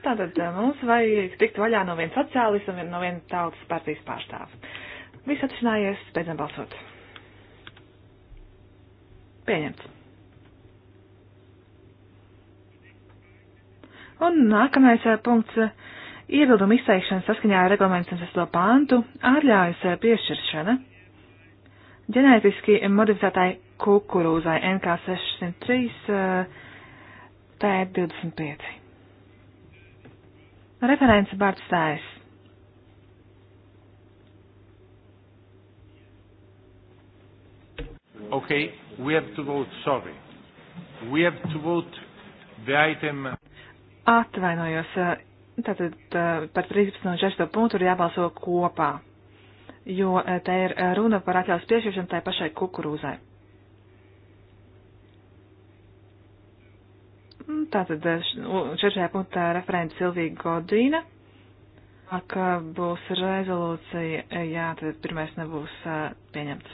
Tātad eh, mums vajag tikt vaļā no viena sociālista un no viena tautas partijas pārstāva. Viss atrasinājies, beidzam balsot. Pieņemts. Un nākamais eh, punkts eh, - iebildumu izteikšana saskaņā ar reglamentu 106. pāntu - ārļājas piešķiršana ģenētiski modificētai kukurūzai NK603 T25. Referents Bārts Tājs. Okay, we have to vote, sorry. We have to vote the item. Atvainojos, eh, tātad eh, par 13 un 16 punktu ir jābalso kopā, jo eh, te ir runa par atļaus piešķiršanu tai pašai kukurūzai. Tātad eh, šajā punktā referents Silvija Godīna. Kā būs rezolūcija, eh, jā, tad pirmais nebūs uh, pieņemts.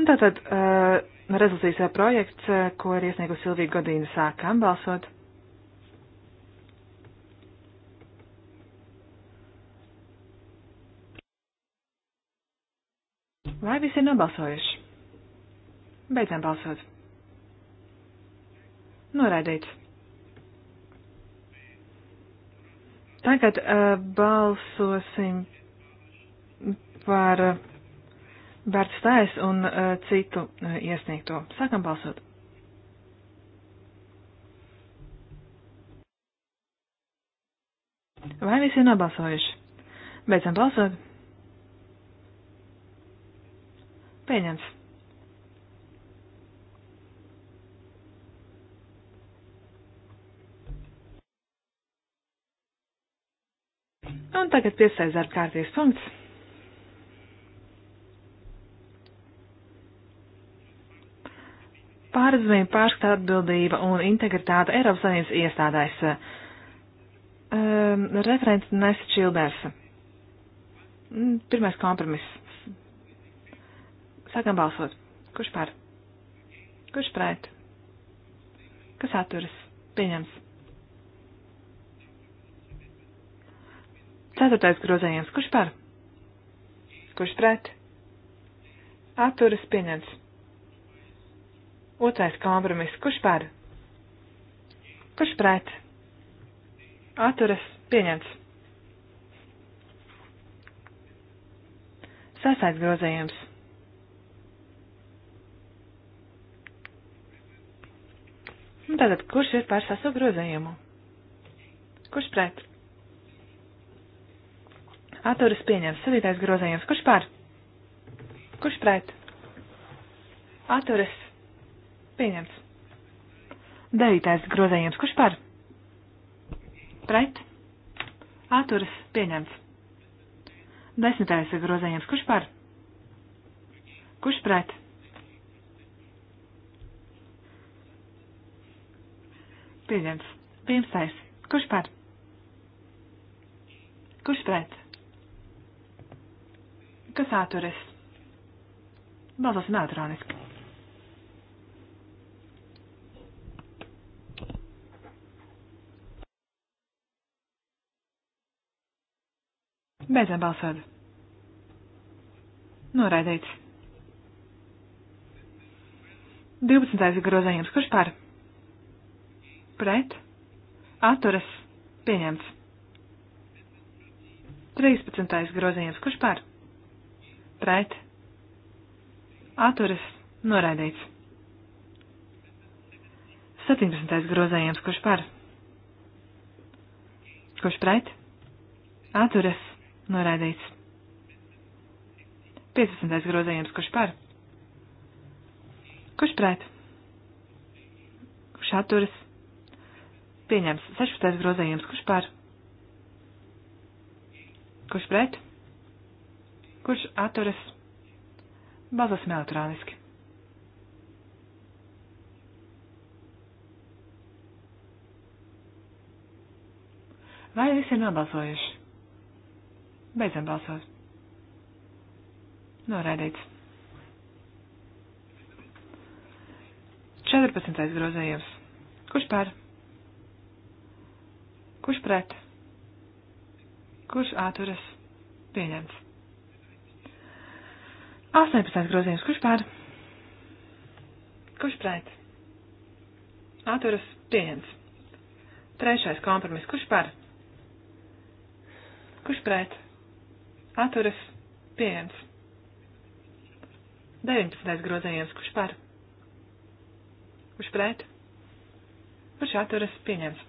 Un tātad uh, rezolūcijas projekts, uh, ko ir iesniegusi Silvija Godīna, sākam balsot. Vai visi ir nobalsojuši? Beidzam balsot. Noraidīts. Tagad uh, balsosim par uh, Bērts Stājas un uh, citu uh, iesniegto. Sākam balsot. Vai visi ir nobalsojuši? Beidzam balsot. Pieņems. Un tagad piesaiz darba kārtības punkts. Pārdzīvība, pārskata atbildība un integritāte Eiropas Savienības iestādēs. Um, referents Nesa Čilders. Mm, pirmais kompromiss. Sākam balsot. Kurš par? Kurš pret? Kas atturas? Pieņems. Ceturtais grozējums. Kurš par? Kurš pret? Atturas pieņemts. Otrais kompromiss. Kurš par? Kurš pret? Atturas pieņemts. Sasais grozējums. Un tātad, kurš ir par sasu grozējumu? Kurš pret? atturas pieņemts. Sadītais grozējums. Kurš par? Kurš pret? Atturas pieņemts. Devītais grozējums. Kurš par? Pret? Atturas pieņemts. Desmitais grozējums. Kurš par? Kurš pret? Pieņemts. Pirmstais. Kurš par? Kurš pret? Kas atturas? Balsosim elektroniski. Beidzam balsot. Noraidīts. 12. grozējums. Kurš par? Pret. Atturas. Pieņemts. 13. grozījums. Kurš par? pret, atturas, noraidīts. 17. grozējums, kurš par, kurš pret, atturas, noraidīts. 15. grozējums, kurš par, kurš pret, kurš atturas, pieņems. 16. grozējums, kurš par, kurš pret, kurš atturas balsos neutrāliski. Vai visi ir nobalsojuši? Beidzam balsot. Noraidīts. 14. grozējums. Kurš pār? Kurš pret? Kurš āturas? Pieņemts. 18. grozījums, kurš pār? Kurš pret? Atturas pieņems. Trešais kompromiss, kurš pār? Kurš pret? Atturas pieņems. 19. grozījums, kurš pār? Kurš pret? Kurš atturas pieņems.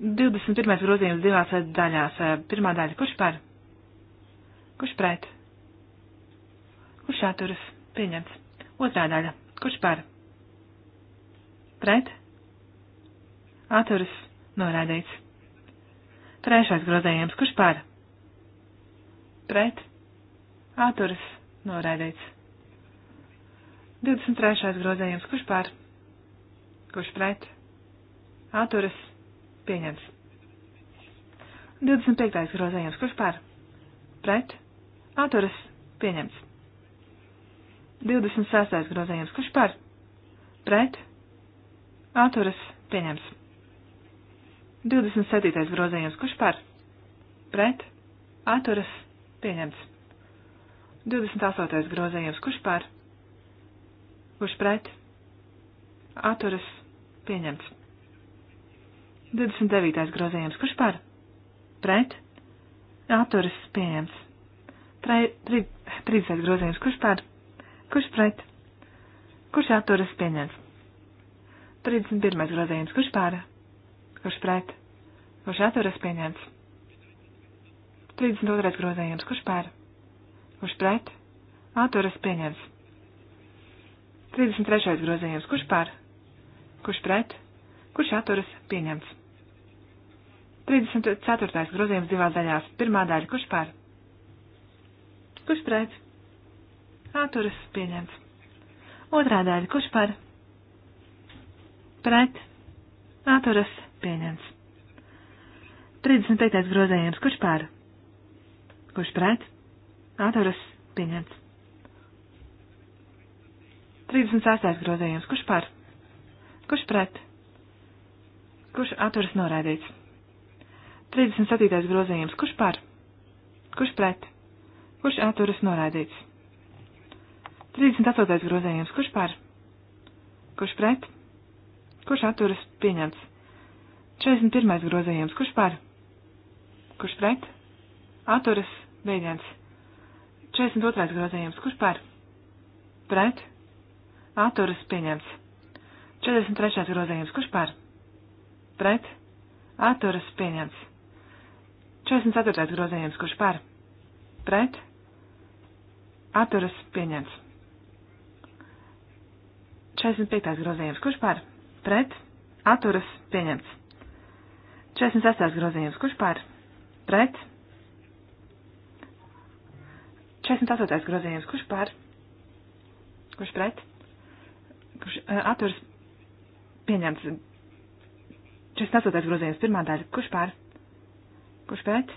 21. grozījums divās daļās. Pirmā daļa, kurš pār? Kurš pret? Kurš atturas? Pieņemts. Otrā daļa. Kurš par? Pret? Atturas. Norādīts. Trešais grozējums. Kurš par? Pret? Atturas. Norādīts. 23. grozējums. Kurš par? Kurš pret? Atturas. Pieņemts. 25. grozējums. Kurš par? Pret? Atturas pieņemts. 26. grozējums. Kurš par? Pret. Atturas pieņemts. 27. grozējums. Kurš par? Pret. Atturas pieņemts. 28. grozējums. Kurš par? Kurš pret? Atturas pieņemts. 29. grozējums. Kurš par? Pret? Atturas pieņemts. 30 grozījums. Kurš pār? Kurš pret? Kurš atturas pieņems? 31 grozījums. Kurš pār? Kurš pret? Kurš atturas pieņems? 32 grozījums. Kurš pār? Kurš pret? Atturas pieņems. 33 grozījums. Kurš pār? Kurš pret? Kurš atturas pieņems? 34. grozījums divās daļās. Pirmā daļa. Kurš pār? Kurš pret? Atturas pieņemts. Otrā daļa. Kurš par? Pret. Atturas pieņemts. 35. grozējums. Kurš par? Kurš pret? Atturas pieņemts. 36. grozējums. Kurš par? Kurš pret? Kurš atturas norādīts? 37. grozējums. Kurš par? Kurš pret? kurš atturas noraidīts. 38. grozējums, kurš par, kurš pret, kurš atturas pieņemts. 41. grozējums, kurš par, kurš pret, atturas pieņemts. 42. grozējums, kurš par, pret, atturas pieņemts. 43. grozējums, kurš par, pret, atturas pieņemts. 44. grozējums, kurš par, pret, Atturas pieņemts. 45. grozījums. Kurš par? Pret. Atturas pieņemts. 46. grozījums. Kurš par? Pret. 48. grozījums. Kurš par? Kurš pret? Kurš eh, atturas pieņemts? 48. grozījums. Pirmā daļa. Kurš par? Kurš pret?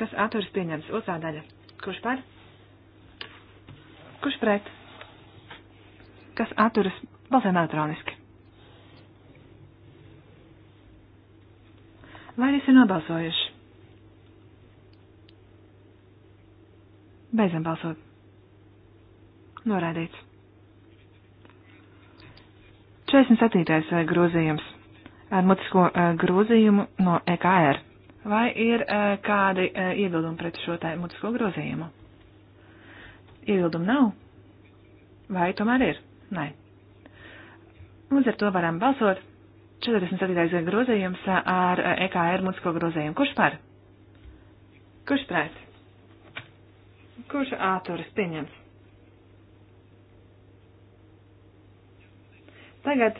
Kas atturas pieņemts? Otrā daļa. Kurš par? Kurš pret? Kas atturas? Balsēm elektroniski. Vai visi ir nobalsojuši? Beidzam balsot. Norādīts. 47. Eh, grozījums ar mutisko eh, grozījumu no EKR. Vai ir eh, kādi iebildumi pret šo te mutisko grozījumu? Iebildumu nav? Vai tomēr ir? Nē. Līdz ar to varam balsot. 47. grozījums ar EKR mutisko grozījumu. Kurš par? Kurš pret? Kurš āturis pieņems? Tagad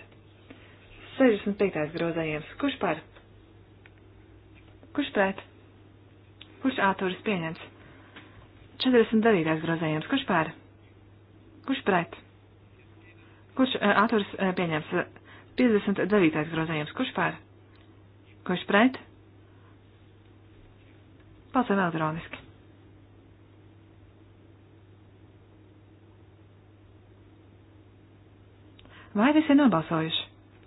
65. grozējums. Kurš par? Kurš pret? Kurš āturis pieņems? 49. grozējums. Kurš pār? Kurš pret? Kurš uh, eh, atturs uh, eh, pieņems? 59. grozējums. Kurš pār? Kurš pret? Balsam elektroniski. Vai visi ir nobalsojuši?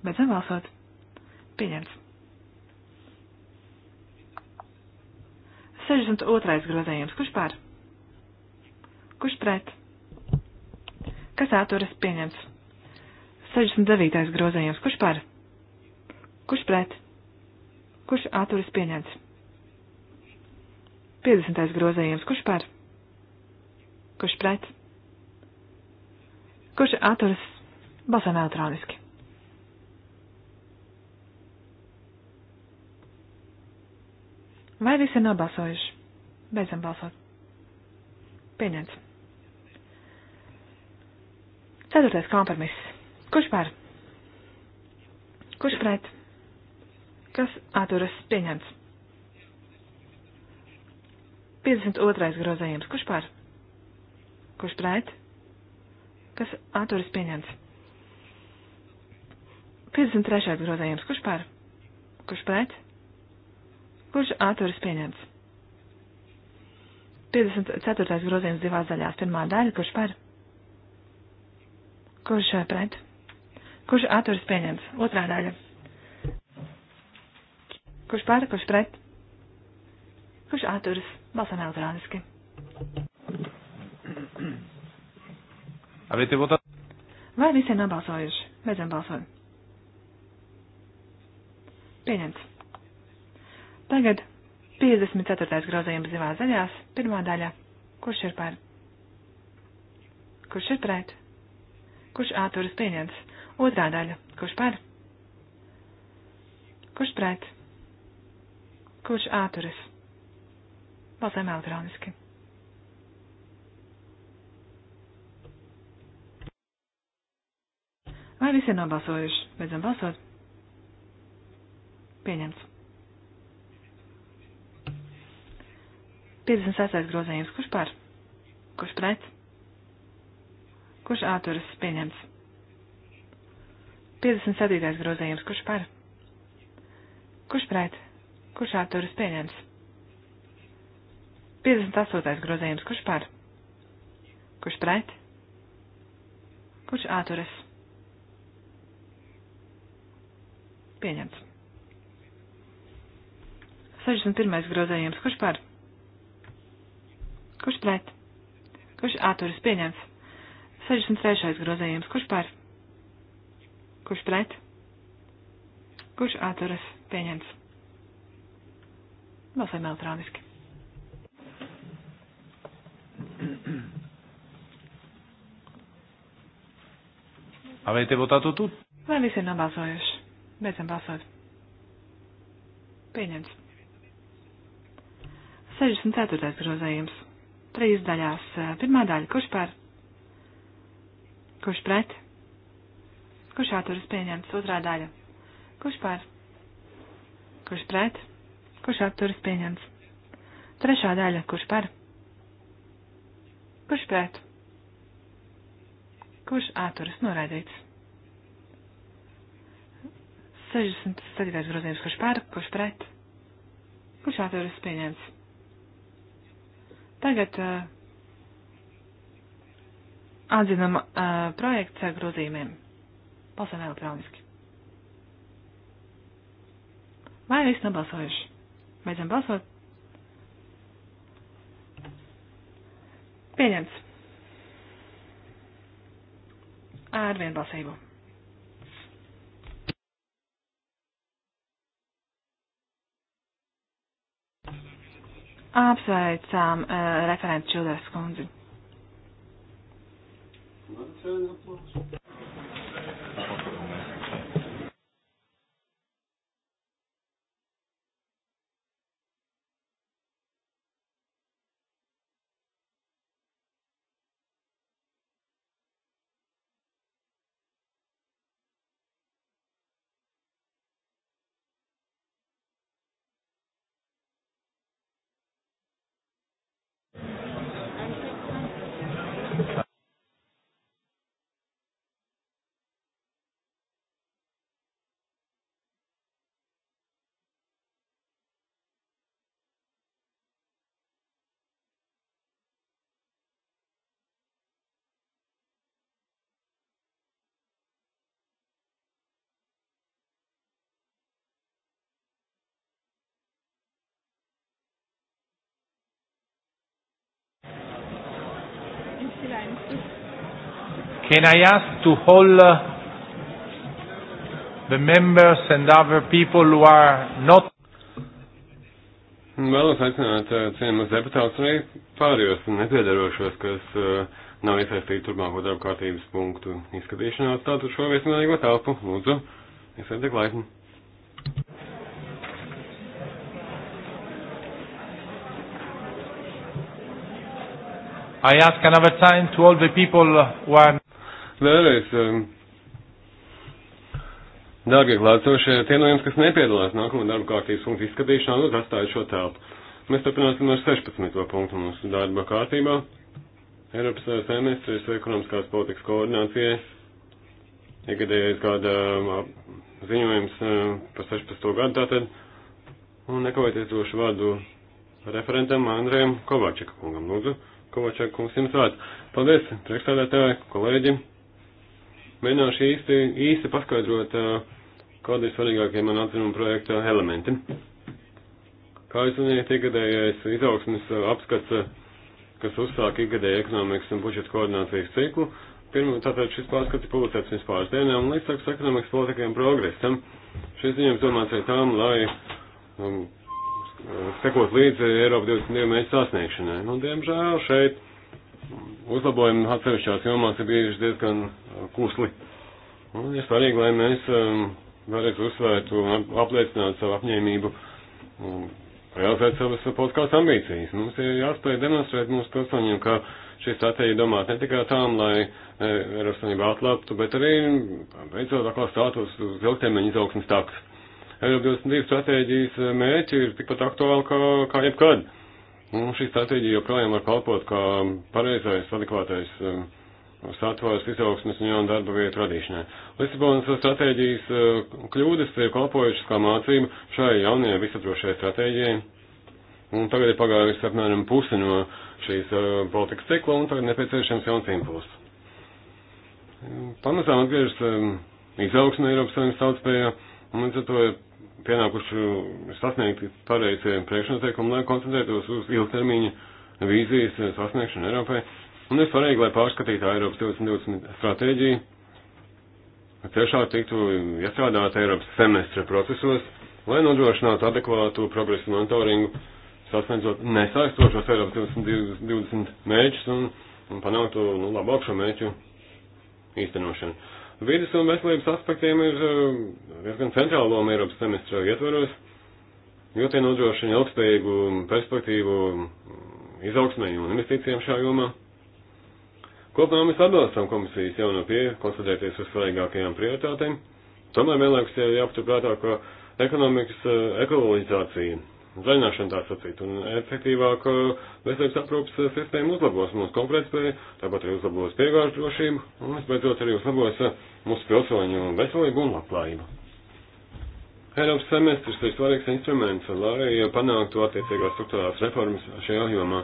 Beidzam balsot. Pieņemts. 62. grozējums. Kurš pār? Kurš pret? Kas atturas pieņemts? 69. grozējums. Kurš par? Kurš pret? Kurš atturas pieņemts? 50. grozējums. Kurš par? Kurš pret? Kurš atturas balsām elektroniski? Vai visi ir nobalsojuši? Beidzam balsot. Pieņemts. Ceturtais kompromiss. Kurš par? Kurš pret? Kas atturas pieņemts? 52. grozējums. Kurš par? Kurš pret? Kas atturas pieņemts? 53. grozējums. Kurš par? Kurš pret? Kurš atturas pieņemts? 54. grozījums divās daļās. Pirmā daļa. Kurš par? Kurš eh, pret? Kurš atturas pieņemts? Otrā daļa. Kurš pār, kurš pret? Kurš atturas? Balsam elektroniski. Vai visiem nobalsojuši? Beidzam balsot. Pieņemts. Tagad 54. grozījums zivā zaļās, pirmā daļa. Kurš ir pār? Kurš ir pret? kurš āturas pieņemts. Otrā daļa, kurš par? Kurš pret? Kurš āturas? Balsēm elektroniski. Vai visi ir nobalsojuši? Beidzam balsot. Pieņemts. 56. grozījums. Kurš par? Kurš pret? Kurš āturas pieņemts? 57. grozījums. Kurš par? Kurš pret? Kurš āturas pieņemts? 58. grozījums. Kurš par? Kurš pret? Kurš āturas? Pieņemts. 61. grozējums. Kurš par? Kurš pret? Kurš āturas pieņemts? 63. grozējums. Kurš par? Kurš pret? Kurš atturas? Pieņemts. Balsēm elektroniski. Avete votato tutti? Vai visi ir nobalsojuši? Beidzam balsot. Pieņemts. 64. grozējums. Trīs daļās. Pirmā daļa. Kurš par? Kurš pret? Kurš atturas pieņemts? Otrā daļa. Kurš pār? Kurš pret? Kurš atturas pieņemts? Trešā daļa. Kurš par? Kurš pret? Kurš atturas noraidīts? 67. grozījums. Kurš par? Kurš pret? Kurš atturas pieņemts? Tagad uh, Atzinama uh, projekts ar grozījumiem. Balsam elektroniski. Vai viss nobalsojuši? Beidzam balsot. Pieņemts. Ar vienbalsību. Apsveicām uh, referentu Čilders kundzi. What is that? Can I ask to all uh, the members and other people who are not Vēlos aicināt uh, cienījumus deputātus arī pārējos nepiedarošos, kas uh, nav iesaistīti turpmāko darba kārtības punktu izskatīšanā. Tātad šo viesmīlīgo telpu, lūdzu, iesaistiet laipni. I ask another time to all the people when. Vēlreiz, um, dārgie klātsošie, tie no jums, kas nepiedalās nākamā darba kārtības punktu izskatīšanā, lūdzu atstājiet šo telpu. Mēs turpināsim ar 16. punktu mūsu darba kārtībā. Eiropas uh, semestris ekonomiskās politikas koordinācijai. Iegadējais kāda um, ziņojums uh, par 16. gadu tātad. Un nekavēties došu vārdu referentam Andrejam Kovačika kungam. Lūdzu. Kovačak kungs jums vārds. Paldies, priekšstādātāji, kolēģi. Mēģināšu īsti, īsti paskaidrot, kādi ir svarīgākie man atzinuma projekta elementi. Kā jūs zināt, ikgadējais izaugsmes apskats, kas uzsāk ikgadēju ekonomikas un budžeta koordinācijas ciklu, pirmā, tātad šis pārskats ir publicēts pirms pāris dienām, un līdzsaks ekonomikas politikajam progresam. Šis ziņojums domāts ar tām, lai um, sekot līdzi Eiropa 22 mērķu sasniegšanai. Nu, diemžēl šeit uzlabojumi atsevišķās jomās ir bijuši diezgan uh, kusli. Un nu, ir svarīgi, lai mēs um, vēlreiz uzsvērtu un apliecinātu savu apņēmību un um, realizēt savas podkāstu ambīcijas. Mums ir jāspēj demonstrēt mūsu pilsoņiem, ka šī stratēģija domāt ne tikai tām, lai eh, Eiropas Savienība atlaptu, bet arī beidzot um, atkal stātos uz ilgtermiņa izaugsmas taks. Eiropa 22 stratēģijas mērķi ir tikpat aktuāli kā, kā jebkad. Un šī stratēģija joprojām var kalpot kā pareizais, adekvātais um, satvars izaugsmes un jaunu darba vietu radīšanai. Lisabonas stratēģijas uh, kļūdas ir kalpojušas kā mācība šai jaunajai visaptrošajai stratēģijai. Un tagad ir pagājusi apmēram puse no šīs uh, politikas cikla un tagad nepieciešams jauns impulss. Pamazām atgriežas um, izaugsme Eiropas Savienības tautspējā, un līdz ar to ir pienākuši sasniegt pareizie priekšnoteikumi, lai koncentrētos uz ilgtermiņa vīzijas sasniegšanu Eiropai. Un ir svarīgi, lai pārskatītu Eiropas 2020 stratēģiju, tiešām tiktu iestrādāt Eiropas semestra procesos, lai nodrošinātu adekvātu progresu monitoringu, sasniedzot nesaistošos Eiropas 2020 mērķus un, un panāktu nu, labu apšo mērķu īstenošanu. Vides un veselības aspektiem ir eh, diezgan centrāla loma Eiropas semestra ietvaros, jo tie nodrošina ilgspējīgu perspektīvu mm, izaugsmē un investīcijām šajā jomā. Kopumā mēs atbalstam komisijas jauno pieeju koncentrēties uz svarīgākajām prioritātēm, tomēr vienlaikus jāpaturprātā, ka ekonomikas eh, ekoloģizācija zaļināšana tā sacīt, un efektīvāk eh, veselības aprūpas eh, sistēma uzlabos mūsu konkurētspēju, tāpat arī uzlabos piegāžu drošību, un visbeidzot arī uzlabos eh, mūsu pilsoņu veselību un labklājību. Eiropas semestrs ir svarīgs instruments, lai panāktu attiecīgās struktūrās reformas šajā jomā.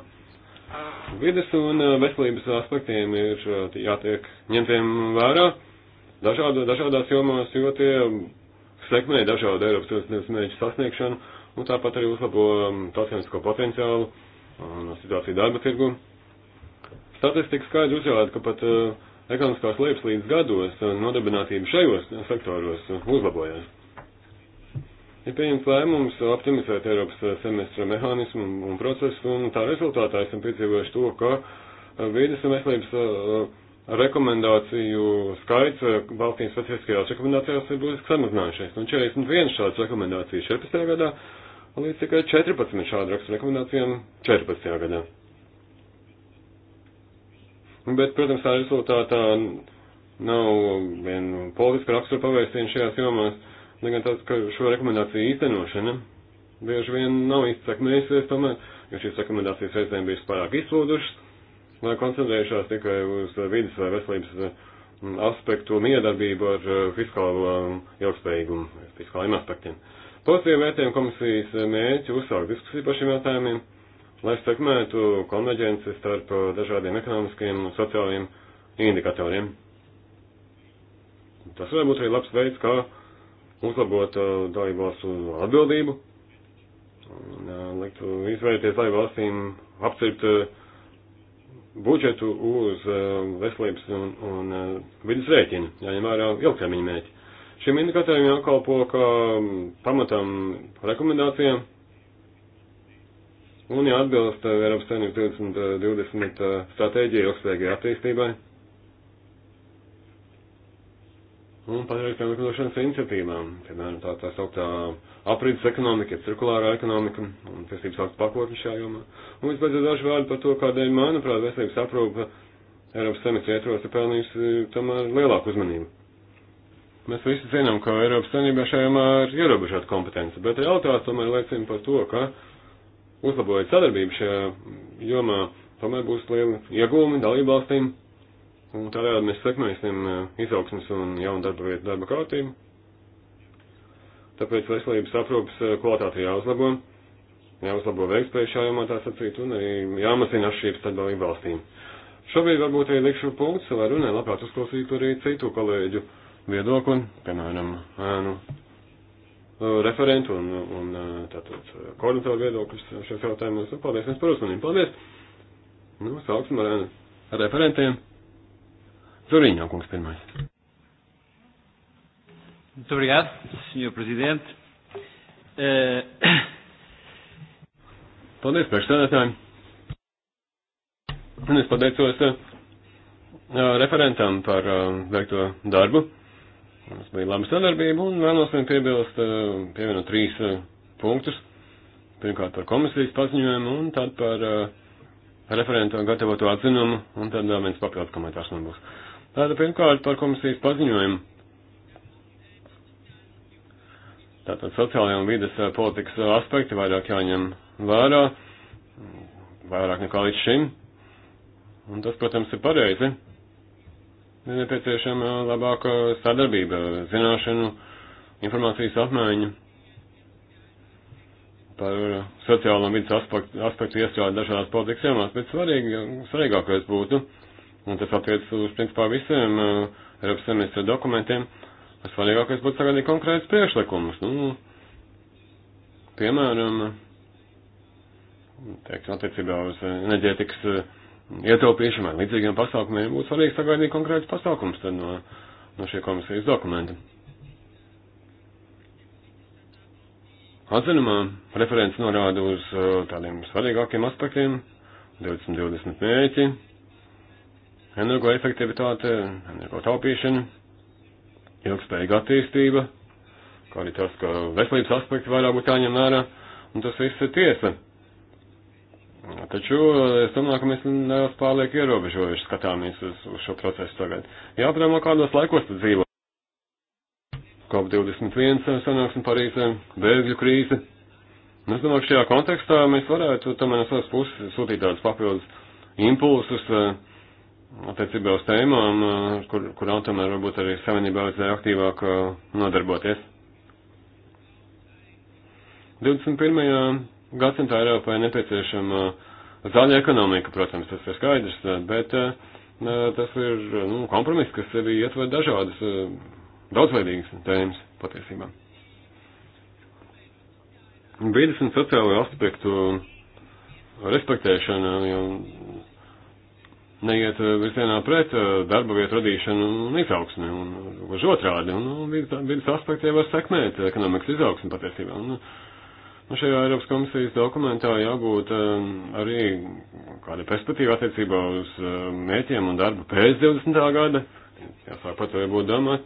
Vides un veselības aspektiem ir jātiek ņemtiem vērā dažāda, dažādās jomās, jo tie sekmē dažādu Eiropas Savienības mērķu sasniegšanu, un tāpat arī uzlabo um, tautsēmnisko potenciālu un um, situāciju darba tirgu. Statistika skaidri uzrāda, ka pat uh, ekonomiskās liepas līdz gados uh, nodarbinātība šajos sektoros uh, uzlabojās. Ir pieņemts lēmums optimizēt Eiropas uh, semestra mehānismu un procesu, un tā rezultātā esam piedzīvojuši to, ka vīdes un veselības rekomendāciju skaits valstīm specifiskajās rekomendācijās ir būtiski samazinājušies. Un 41 šādas rekomendācijas 14. gadā līdz tikai 14 šādu rakstu rekomendācijām 14. gadā. Bet, protams, tā rezultātā nav vien politiska rakstura pavērsiena šajās jomās, negan tāds, ka šo rekomendāciju īstenošana bieži vien nav izsakmējusies tomēr, jo šīs rekomendācijas reizēm bijušas pārāk izslūdušas, lai koncentrējušās tikai uz vidas vai veselības mm, aspektu miedarbību ar eh, fiskālo mm, ilgspējīgumu, fiskāliem aspektiem. Uh, Pozitīvi vērtējam komisijas mēģi uzsākt diskusiju par šiem jautājumiem, lai sekmētu konverģenci starp dažādiem ekonomiskiem un sociālajiem indikatoriem. Tas var būt arī labs veids, kā uzlabot uh, dalībvalstu atbildību un uh, liktu izvērties dalībvalstīm apcirpt uh, budžetu uz veselības un, un vidas rēķinu, jāņem vērā ilgtermiņa mēķi. Šiem indikatoriem jākalpo kā mm, pamatam rekomendācijām un jāatbilst eh, Eiropas Savienības 2020 eh, eh, stratēģija ilgspējīgai attīstībai un patreizējām likumdošanas iniciatīvām, piemēram, tā tā sauktā aprīdas ekonomika, cirkulārā ekonomika un tiesības aktu pakotni šajā jomā. Un vispēc daži vārdi par to, kādēļ, manuprāt, veselības aprūpa Eiropas semestri ietvaros ir pelnījusi tomēr lielāku uzmanību. Mēs visi zinām, ka Eiropas Savienībā šajā jomā ir ierobežota kompetence, bet realitāte tomēr liecina par to, ka uzlabojot sadarbību šajā jomā, tomēr būs liela iegūmi dalībvalstīm, un tādējādi mēs sekmēsim uh, izaugsmas un jaunu darba vietu darba kārtību. Tāpēc veselības aprūpas uh, kvalitāte jāuzlabo, jāuzlabo veikspēju šajā jomā tā sacīt, un arī jāmazina atšķirības starp dalībvalstīm. Šobrīd varbūt arī likšu punkts savā runē, labprāt uzklausītu arī citu kolēģu viedokli, piemēram, ēnu referentu un, un tātad koordinatoru viedokļus šajos jautājumos. Nu, paldies jums par uzmanību. Paldies! Nu, sāksim ar ēnu referentiem. Zuriņā kungs pirmais. Muito obrigado, Sr. Presidente. Uh... Paldies, priekšstādātāji. Un es pateicos uh, referentam par uh, veikto darbu. Mums bija laba sadarbība un vēlos vien piebilst, eh, pievienot trīs eh, punktus. Pirmkārt par komisijas paziņojumu un tad par eh, referentu gatavotu atzinumu un tad vēl viens papildus komentārs man būs. Tātad pirmkārt par komisijas paziņojumu. Tātad sociālajā un vides politikas aspekti vairāk jāņem vērā, vairāk nekā līdz šim. Un tas, protams, ir pareizi ir nepieciešama labāka sadarbība, zināšanu, informācijas apmaiņa par sociālo un vidas aspektu, aspektu iestrādi dažādās politikas jomās, bet svarīgi, svarīgākais būtu, un tas attiec uz principā visiem uh, Eiropas semestra dokumentiem, svarīgākais būtu sagaidīt konkrētas priešlikumus. Nu, piemēram, teikt, attiecībā uz enerģētikas uh, ietaupīšanai vai līdzīgiem pasākumiem, būtu svarīgi sagaidīt konkrētus pasākumus no, no šī komisijas dokumenta. Atzinumā referents norāda uz uh, tādiem svarīgākiem aspektiem - 2020 mērķi, energoefektivitāte, energotaupīšana, ilgspējīga attīstība, kā arī tas, ka veselības aspekti vairāk būtu jāņem vērā, un tas viss ir tiesa. Taču es domāju, ka mēs nedaudz pārliek ierobežojuši skatāmies uz, uz šo procesu tagad. Jāpadomā, kādos laikos tad dzīvo. COP21 sanāksim Parīzē, bēgļu krīze. Un es domāju, ka šajā kontekstā mēs varētu tomēr no savas puses sūtīt tādus papildus impulsus eh, attiecībā uz tēmām, eh, kur, kurām tomēr varbūt arī savienībā vajadzēja aktīvāk eh, nodarboties. 21 gadsimtā Eiropai nepieciešama uh, zaļa ekonomika, protams, tas ir skaidrs, uh, bet uh, tas ir nu, kompromiss, kas sevi ietver dažādas, daudzveidīgas tēmas patiesībā. Vides un sociālo aspektu respektēšana jau neiet virzienā pret darba vietu radīšanu un izaugsmi, un uz otrādi, un vidas aspekti jau var sekmēt ekonomikas izaugsmi patiesībā. Un, Nu, šajā Eiropas komisijas dokumentā jābūt um, arī kāda perspektīva attiecībā uz um, mēķiem un darbu pēc 20. gada. Jāsāk pat varbūt domāt.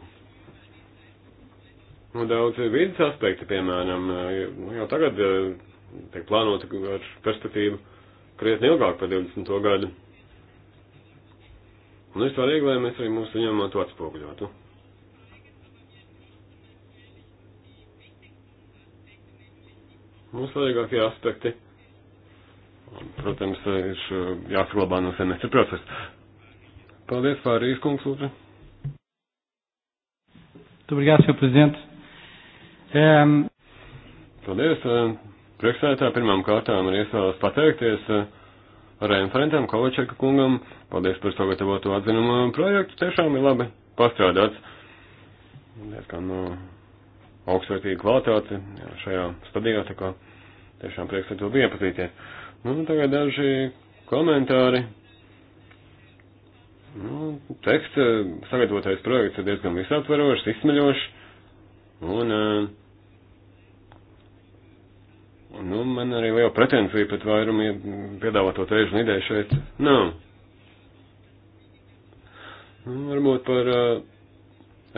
Nu, daudz vidas aspekti, piemēram, nu, jau tagad uh, tiek plānota ar perspektīvu krietni ilgāk par 20. gadu. Un ir svarīgi, lai mēs arī mūsu ziņojumā to atspoguļotu. Nu, svarīgākie aspekti, protams, ir eh, jāsaglabā no semestra procesa. Paldies, Fārijas kungs, lūdzu. Obrigado, Sr. Presidente. Um... Paldies. Eh, Priekšsēdētā pirmām kārtām ir iesvēlas pateikties eh, referentam Kovačeka kungam. Paldies par sagatavotu atzinumu projektu. Tiešām ir labi pastrādāts. Diezgan no augstvērtīga kvalitāte šajā stadijā, tā kā tiešām prieks ar to bija patīties. Nu, tagad daži komentāri. Nu, teksta eh, sagatavotais projekts ir diezgan visaptverošs, izsmeļošs, un, eh, nu, man arī liela pretensija pret vairumu piedāvāto tēžu un ideju šeit nav. Nu, varbūt par uh,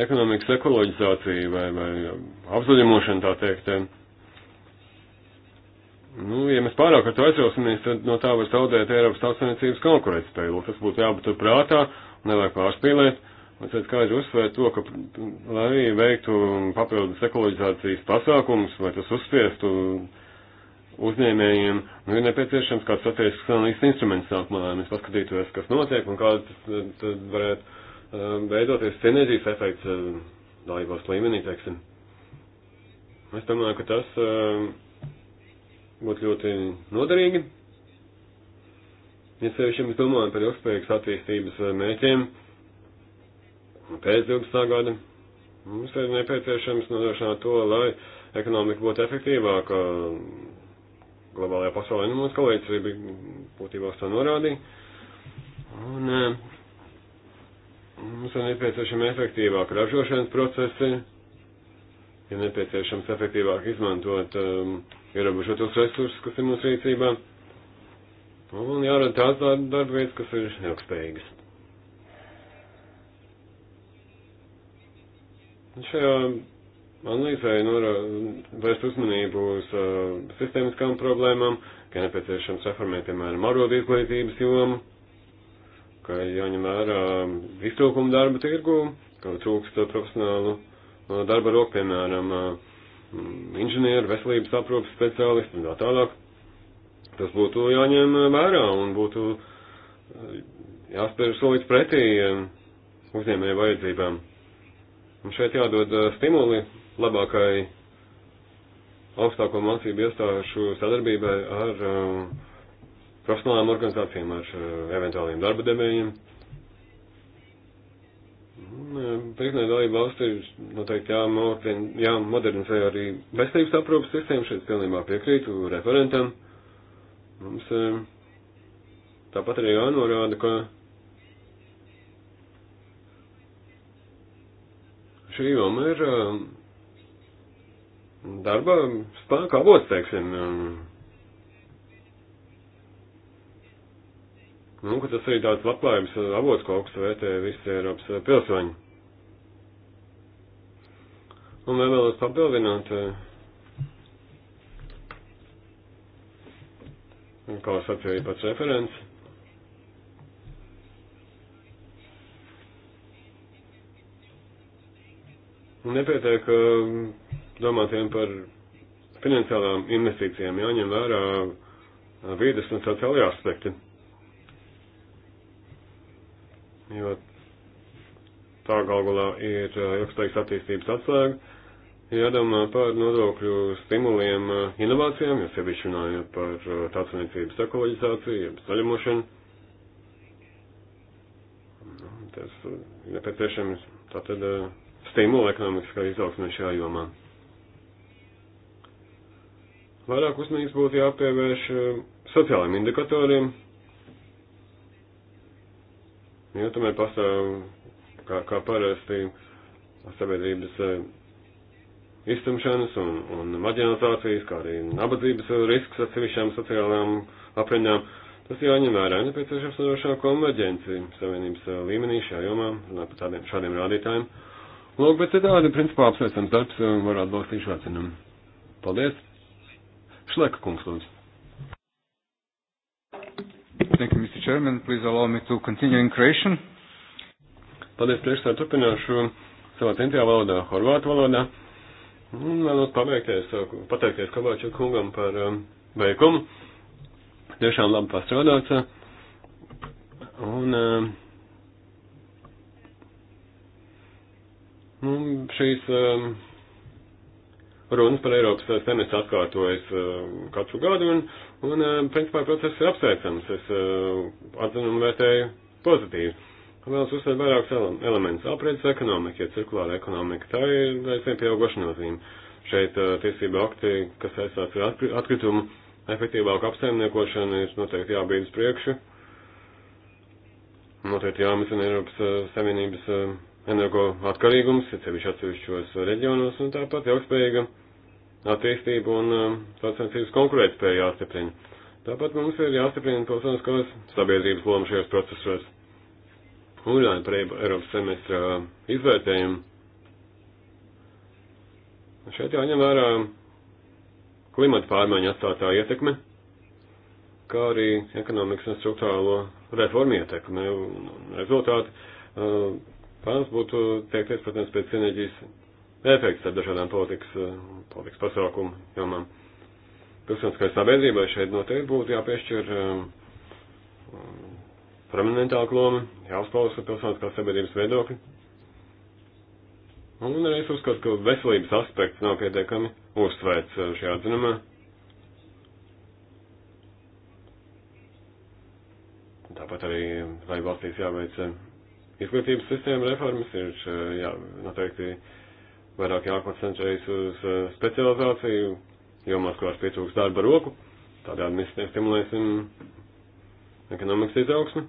ekonomikas ekoloģizācija vai, vai apzaļumošana, tā teikt. Nu, ja mēs pārāk ar to aizrausimies, tad no tā var zaudēt Eiropas tautsainicības konkurētspēju. Tas būtu jābūt prātā, nevajag pārspīlēt. Un tad skaidri uzsvērt to, ka, lai veiktu papildus ekoloģizācijas pasākumus, vai tas uzspiestu uzņēmējiem, nu, ir nepieciešams kāds satiesks analīzes instruments sākumā, lai mēs paskatītos, kas notiek un kādas tad varētu Um, veidoties sinerģijas efekts um, dalībos līmenī, teiksim. Es domāju, ka tas um, būtu ļoti noderīgi. Ja sevišķi mēs domājam par ilgspējīgas attīstības uh, mērķiem, pēc 12. gada, mums ir nepieciešams nodrošināt to, lai ekonomika būtu efektīvāka globālajā pasaulē. Nu, mums kolēģis arī bija būtībā uz to norādīja. Un, Mums ir nepieciešami efektīvāk ražošanas procesi, ir ja nepieciešams efektīvāk izmantot um, ierobežotos resursus, kas ir mūsu rīcībā, un jārada tāds darba veids, kas ir ilgspējīgs. Šajā analīzē vērst uzmanību uz uh, sistēmiskām problēmām, ka nepieciešams reformēt, piemēram, arodu izglītības jomu ka jāņem vērā iztrūkumu darba tirgu, ka trūkst profesionālu uh, darba roku, piemēram, uh, inženieru, veselības aprūpas speciālistu un tā tālāk. Tas būtu jāņem vērā un būtu uh, jāspēr solīt pretī uzņēmēju vajadzībām. Un šeit jādod stimuli labākai augstāko mācību iestāšu sadarbībai ar uh, profesionālām organizācijām, ar eh, eventuāliem darba devējiem. Pirknē eh, dalība valsts ir noteikti jāmodernizē arī veselības aprūpas sistēma, šeit pilnībā piekrītu referentam. Mums eh, tāpat arī jānorāda, ka šī joma ir darba spēka avots, teiksim, Nu, ka tas arī tāds labklājības uh, avots, ko augstu vērtē visi Eiropas uh, pilsoņi. Un vēl vēlos papildināt, uh, kā sacīja pats referents. Nepietiek domātiem par finansiālām investīcijām, jāņem vērā vides un sociālajā aspekti jo tā galgulā ir eh, ilgspējīgas attīstības atslēga. Jādomā par nodokļu stimuliem eh, inovācijām, jo sevišķi runājot par eh, tautsveicības ekoloģizāciju, zaļumošanu. Nu, tas nepieciešams tātad stimulu ekonomiskai izaugsmē šajā jomā. Vairāk uzmanības būtu jāpievērš sociālajiem indikatoriem, Nu, jo tomēr pastāv, kā, kā parasti, sabiedrības eh, iztumšanas un, un maģinalizācijas, kā arī nabadzības risks atsevišķām sociālām apreņām. Tas jāņem vērā, nepieciešams nodrošināt konverģenci savienības eh, līmenī šajā jomā, runāt par tādiem šādiem rādītājiem. Lūk, bet ir tādi, principā, apsveicams darbs, eh, var atbalstīt šo atzinumu. Paldies! Šleka kungs, lūdzu. Thank you, Chairman. Please allow me to continue in Croatian. Paldies, priekšstādā turpināšu savā centrā valodā, horvātu valodā. Un vēlos pabeigties, pateikties Kabāču kungam par um, veikumu. Tiešām labi pastrādāts. Un, um, un nu, šīs um, runas par Eiropas eh, semestri atkārtojas eh, katru gadu, un, un eh, principā process ir apsveicams. Es atzinumu vērtēju pozitīvi. Vēlos uzsvērt vairākus elementus. Apredzes ekonomika, ja cirkulāra ekonomika, tā ir aizvien pieaugoša nozīme. Šeit tiesība akti, kas saistās ar atkritumu efektīvāku apsaimniekošanu, ir noteikti jābīd uz priekšu. Noteikti jāmazina Eiropas Savienības energo atkarīgums, ir sevišķi atsevišķos reģionos, un tāpat ilgspējīga attīstību un um, sacensības konkurētspēju jāstiprina. Tāpat mums ir jāstiprina pilsoniskās sabiedrības loma šajos procesos. Runājot par Eiropas semestra um, izvērtējumu, šeit jāņem vērā klimata pārmaiņu atstātā ietekme, kā arī ekonomikas un struktūrālo reformu ietekme. Rezultāti uh, plāns būtu tiekties, protams, pēc sinerģijas efekts ar dažādām politikas, eh, politikas pasākumu jomām. Pilsoniskai sabiedrībai šeit noteikti būtu jāpiešķir eh, prominentāla loma, jāuzklausa pilsoniskās sabiedrības viedokļi. Un arī es uzskatu, ka veselības aspekts nav pietiekami uzsvērts eh, šajā atzinumā. Tāpat arī, lai valstīs jāveic izglītības sistēma reformas, ir jā, noteikti vairāk jākoncentrējas uz eh, specializāciju, jomās, kurās pietrūks darba roku, tādējādi mēs stimulēsim ekonomikas izaugsmi.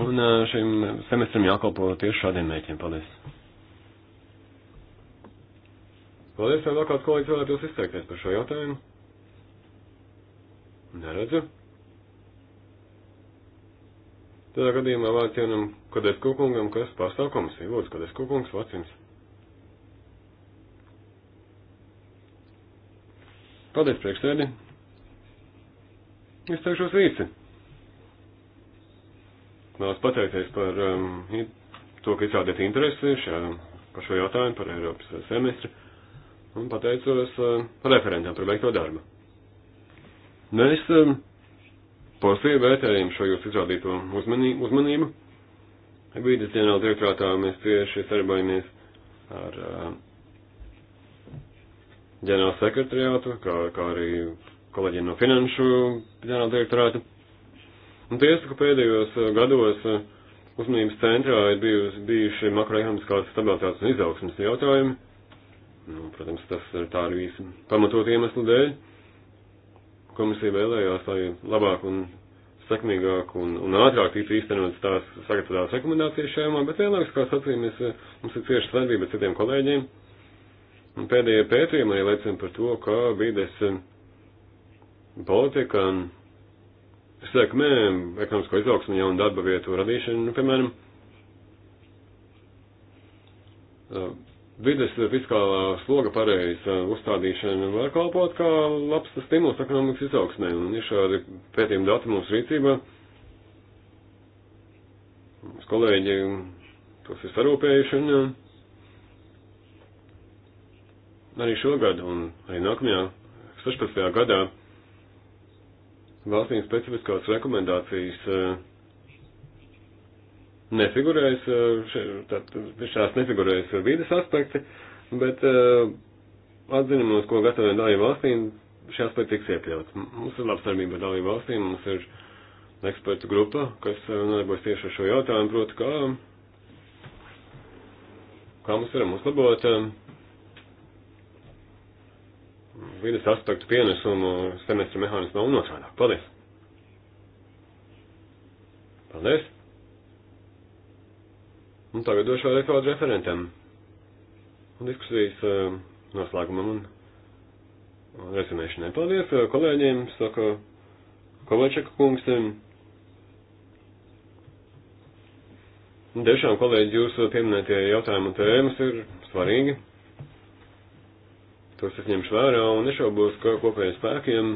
Un eh, šim semestram jākalpo tieši šādiem mēķiem. Paldies! Paldies, vai vēl kāds kolēģis vēlētos izteikties par šo jautājumu? Neredzu. Tādā gadījumā vārds jaunam Kodēs Kukungam, kas pārstāv komisiju. Lūdzu, Kodēs Kukungs, vārds jums. Paldies, priekšsēdi. Es teikšos īsi. Vēlos pateikties par um, to, ka izrādēt interesi šajā, par šo jautājumu, par Eiropas uh, semestri, un pateicos uh, referentam par veikto darbu. Mēs um, pozitīvi vērtējam šo jūsu izrādīto uzmanību. uzmanību. Vīdes ģenerāla direktorātā mēs tieši sarbojamies ar uh, ģenerāla sekretariātu, kā, kā arī kolēģiem no finanšu ģenerāla direktorāta. Un tiesa, ka pēdējos eh, gados eh, uzmanības centrā ir bijusi, bijuši makroekonomiskās stabilitātes un izaugsmas jautājumi. Nu, protams, tas ir tā arī visi pamatot iemeslu dēļ. Komisija vēlējās, lai labāk un sekmīgāk un, un ātrāk tiktu īstenot tās sagatavotās rekomendācijas šajomā, bet vienlaikus, kā sacīju, mēs, eh, mums ir cieša sadarbība ar citiem kolēģiem Un pēdējie pētījumi arī liecina par to, ka vides eh, politika sekmē ekonomisko izaugsmu jaunu darba vietu radīšanu, nu, piemēram, eh, vides fiskālā sloga pareiza eh, uzstādīšana var kalpot kā labs stimuls ekonomikas izaugsmē, un ir šādi pētījumi dati mūsu rīcībā. Mums kolēģi tos ir sarūpējuši, un arī šogad un arī nākamajā 16. gadā valstīm specifiskās rekomendācijas eh, nefigurēs, eh, šās nefigurēs vides aspekti, bet eh, atzinumos, ko gatavojam dalību valstīm, šie aspekti tiks iekļauts. Mums ir laba starpība ar dalību valstīm, mums ir ekspertu grupa, kas nodarbojas tieši ar šo jautājumu, proti, kā, kā mums varam uzlabot vidas aspektu pienesumu semestra mehānismā un otrādā. Paldies! Paldies! Un tagad došu vēl vārdu referentam. Un diskusijas uh, noslēgumam un, un rezumēšanai. Paldies uh, kolēģiem, saka Kovačaka kungs. Un um. tiešām, kolēģi, jūsu pieminētie jautājumi un tēmas ir svarīgi tos es ņemšu vērā un nešaubos, ka kopējiem spēkiem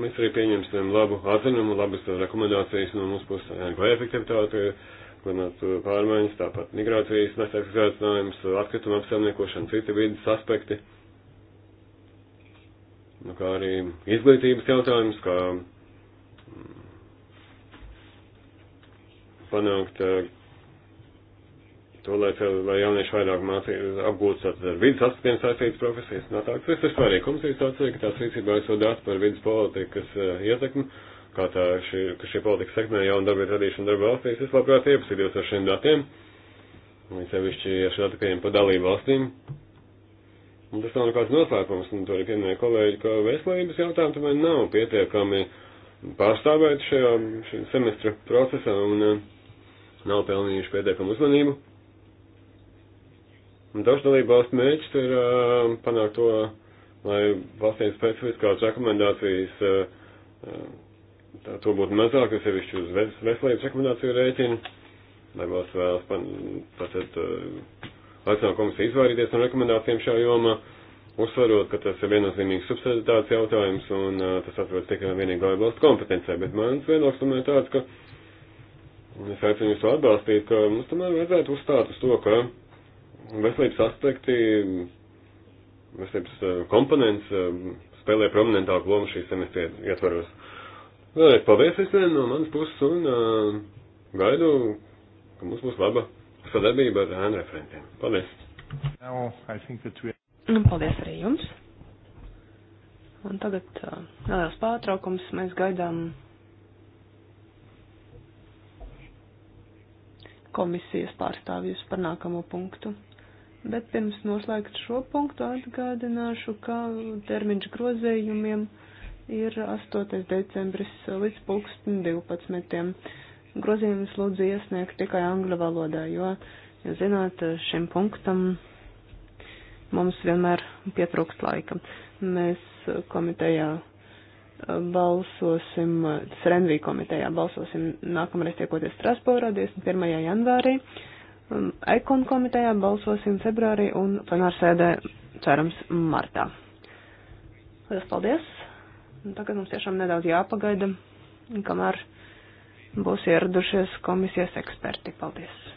mēs arī pieņemsim labu atzinumu, labas rekomendācijas no mūsu puses, energo efektivitāte, klimatu pārmaiņas, tāpat migrācijas nesāks izaicinājums, atkrituma apsaimniekošana, citi vidas aspekti, nu, kā arī izglītības jautājums, kā mm, panākt uh, to, lai, lai jaunieši vairāk apgūtu tātad ar vidas aspektiem saistītas profesijas. No tā, tas ir svarīgi. Komisijas atsaka, ka tās rīcībā esot dati par vidas politikas uh, ietekmi, kā tā šī, ka šī politika sekmē jaunu darbu radīšanu darba valstīs. Es labprāt iepazīdos ar šiem datiem. Un sevišķi, ja šie dati pieejami pa dalību valstīm. Un tas nav nekāds noslēpums, un to arī pieminēja kolēģi, ka veselības jautājumi tomēr nav pietiekami pārstāvēt šajā, šajā semestra procesā un uh, nav pelnījuši pietiekamu uzmanību. Un dažu dalību valstu mērķis ir uh, panākt to, lai valstīm specifiskās rekomendācijas uh, tā, to būtu mazāk, jo sevišķi uz veselības rekomendāciju rēķinu, lai valsts vēlas pan, tātad uh, aicināt komisiju izvairīties no rekomendācijām šajā jomā, uzsverot, ka tas ir viennozīmīgs subsiditāts jautājums un uh, tas atrodas tikai un vienīgi dalību valstu kompetencē, bet mans viedoklis tomēr tāds, ka es aicinu jūs to atbalstīt, ka mums tomēr vajadzētu uzstāt uz to, ka veselības aspekti, veselības eh, komponents eh, spēlē prominentāku lomu šīs semestri ietvaros. Vēlreiz nu, paldies visiem no manas puses un uh, gaidu, ka mums būs laba sadarbība ar ēnu referentiem. Paldies! Now, we... Nu, paldies arī jums! Un tagad uh, neliels pārtraukums. Mēs gaidām komisijas pārstāvjus par nākamo punktu. Bet pirms noslēgt šo punktu atgādināšu, ka termiņš grozējumiem ir 8. decembris līdz 2012. Grozījumus lūdzu iesniegt tikai angļu valodā, jo, ja zināt, šim punktam mums vienmēr pietrūkst laika. Mēs komitejā eh, balsosim, tas Renvī komitejā balsosim nākamreiz tiekoties Strasbūrā 21. janvārī. Ekon komitejā balsosim februārī un plenārsēdē cerams martā. Lielas paldies! Un tagad mums tiešām nedaudz jāpagaida, kamēr būs ieradušies komisijas eksperti. Paldies!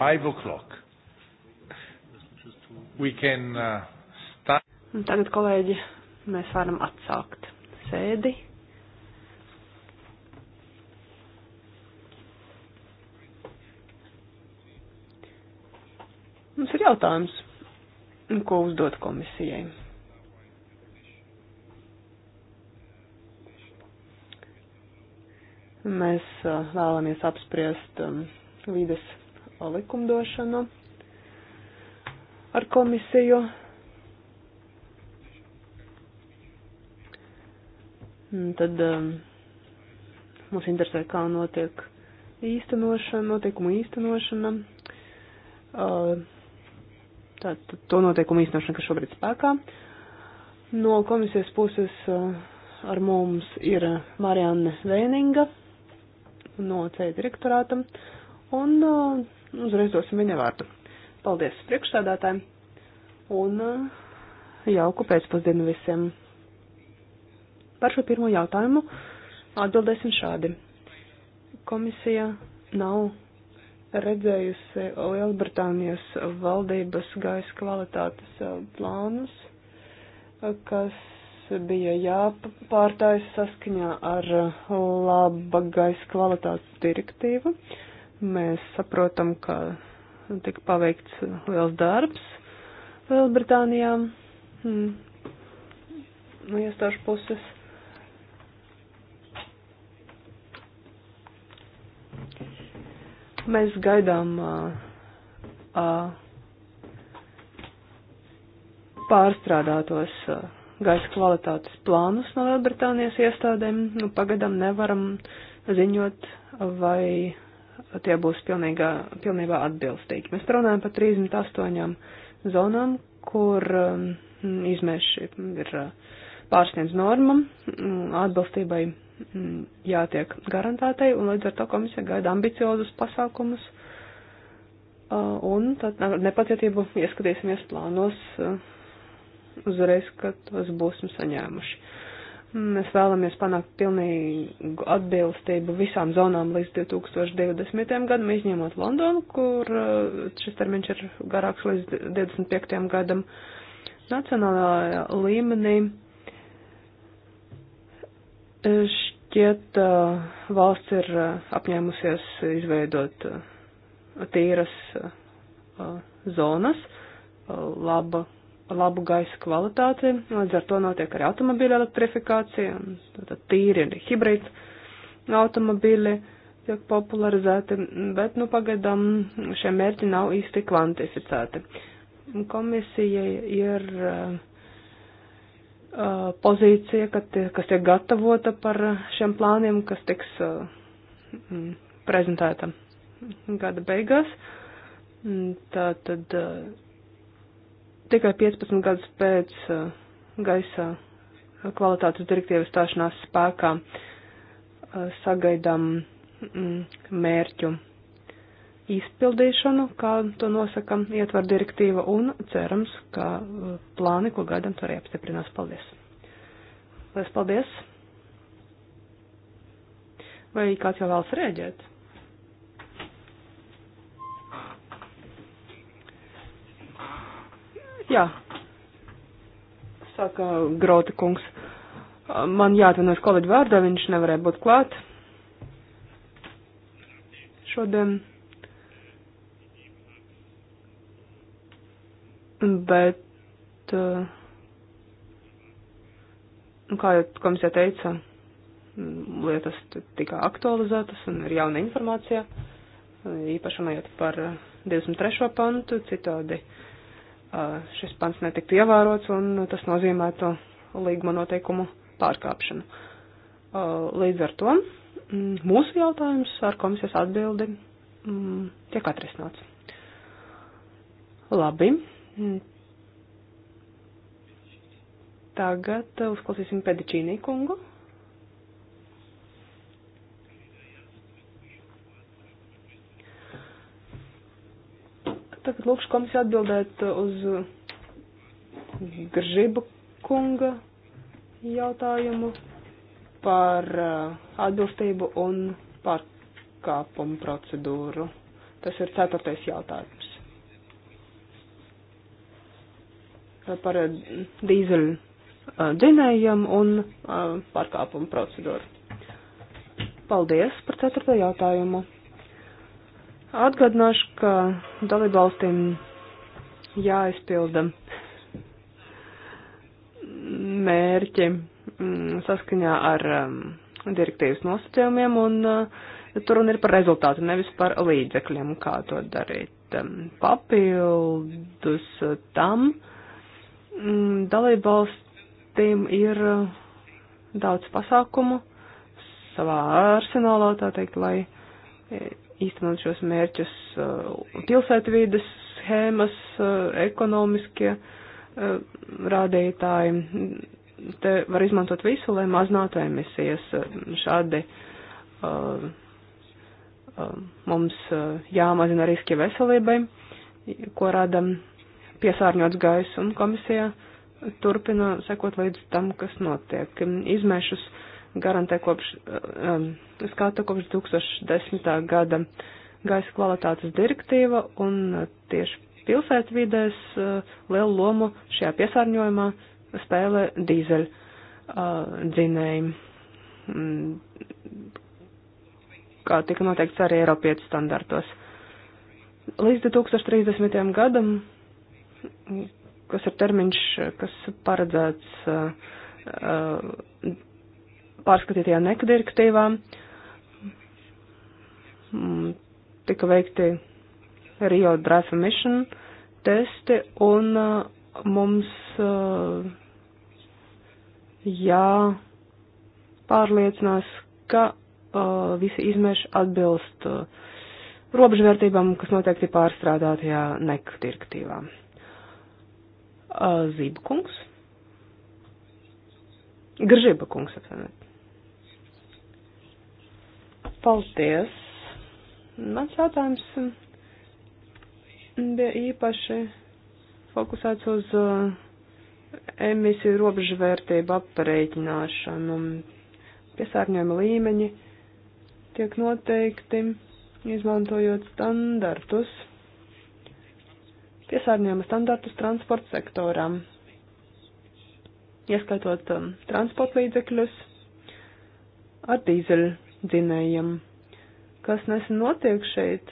5 o'clock. We can uh, start. Un tagad, kolēģi, mēs varam atsākt sēdi. Mums ir jautājums, ko uzdot komisijai. Mēs uh, vēlamies apspriest um, vides likumdošanu ar komisiju. Un tad um, mums interesē, kā notiek īstenošana, notiekumu īstenošana. Uh, Tātad to noteikumu īstenošana, kas šobrīd spēkā. No komisijas puses uh, ar mums ir Marianne Vēninga no C direktorāta un uh, Uzreiz dosim viņa vārdu. Paldies priekšstādātājiem un eh, jauku pēcpusdienu visiem. Par šo pirmo jautājumu atbildēsim šādi. Komisija nav redzējusi Lielbritānijas valdības gaisa kvalitātes eh, plānus, eh, kas bija jāpārtais saskaņā ar laba gaisa kvalitātes direktīvu. Uh, Mēs saprotam, ka tika paveikts liels darbs Lielbritānijā mm, no iestāžu puses. Mēs gaidām uh, uh, pārstrādātos uh, gaisa kvalitātes plānus no Lielbritānijas iestādēm. Nu, pagaidām nevaram ziņot, vai uh, tie būs pilnīgā, pilnībā atbilstīgi. Mēs runājam par 38 zonām, kur um, izmēši ir uh, pārsniedz normam, mm, um, atbilstībai um, jātiek garantētai, un līdz ar to komisija gaida ambiciozus pasākumus, uh, un tad ar nepacietību ieskatīsimies plānos uh, uzreiz, kad tos būsim saņēmuši. Uh, Mēs vēlamies panākt pilnīgu atbilstību visām zonām līdz 2020. gadam, izņemot Londonu, kur eh, šis termiņš ir garāks līdz 25. gadam. Nacionālā līmenī eh, šķiet eh, valsts ir apņēmusies izveidot tīras zonas, laba labu gaisa kvalitāti, līdz ar to notiek arī automobīļa elektrifikācija, un tātad tīri ir hibrīds automobīļi tiek popularizēti, bet, nu, pagaidām šie mērķi nav īsti kvantificēti. Komisijai ir uh, pozīcija, kas tiek gatavota par šiem plāniem, kas tiks uh, prezentēta gada beigās. Tātad. Uh, tikai 15 gadus pēc eh, gaisa kvalitātes direktīvas stāšanās spēkā eh, sagaidām mm, mērķu izpildīšanu, kā to nosaka ietvar direktīva, un cerams, ka eh, plāni, ko gaidām, to arī apstiprinās. Paldies! Lielas paldies! Vai kāds jau vēlas rēģēt? Jā, saka Grota kungs. Man jāatvainojas kolēģi vārdā, viņš nevarēja būt klāt šodien. Bet, eh, nu, kā jau komisija teica, lietas tika aktualizētas un ir jauna informācija, īpaši runājot par 23. Eh, pantu, citādi uh, šis pants netiktu ievērots, un tas nozīmētu līguma noteikumu pārkāpšanu. Līdz ar to mm, mūsu jautājums ar komisijas atbildi mm, tiek atrisināts. Labi. Mm. Tagad uzklausīsim Pedičīnī kungu. Tagad lūkšu komisiju atbildēt uz Gržiba kunga jautājumu par uh, atbilstību un pārkāpumu procedūru. Tas ir ceturtais jautājums. Par uh, dīzeļu uh, dzinējiem un pārkāpumu procedūru. Paldies par ceturto jautājumu. Atgādināšu, ka dalībvalstīm jāizpilda mērķi mm, saskaņā ar mm, direktīvas nosacījumiem, un mm, tur un ir par rezultātu, nevis par līdzekļiem, kā to darīt. Papildus tam dalībvalstīm ir daudz pasākumu savā arsenālā, tā teikt, lai īstenot šos mērķus uh, pilsētvidas schēmas, uh, ekonomiskie uh, rādītāji. Te var izmantot visu, lai mazinātu emisijas. Šādi mums jāmazina riski veselībai, ko rada piesārņots gaiss un komisijā turpina sekot līdz tam, kas notiek. Izmešus uh, garantē kopš, um, skata kopš 2010. gada gaisa kvalitātes direktīva un uh, tieši pilsētvidēs uh, lielu lomu šajā piesārņojumā spēlē dīzeļu uh, dzinēji. Mm, kā tika noteikts arī Eiropietu standartos. Līdz 2030. gadam, kas ir termiņš, kas paredzēts uh, uh, pārskatītajā neka direktīvā mm, tika veikti Rio Drive Mission testi un uh, mums uh, jāpārliecinās, ka uh, visi izmeši atbilst robežvērtībām, kas noteikti pārstrādātajā neka direktīvā. Zībkungs. Gržība kungs, atvainojiet. Paldies! Mans jautājums bija īpaši fokusēts uz uh, emisiju robežu vērtību aprēķināšanu. Piesārņojuma līmeņi tiek noteikti izmantojot standartus, piesārņojuma standartus transporta sektoram, ieskaitot um, transporta līdzekļus ar dīzeļu dzinējiem. Kas nesen notiek šeit,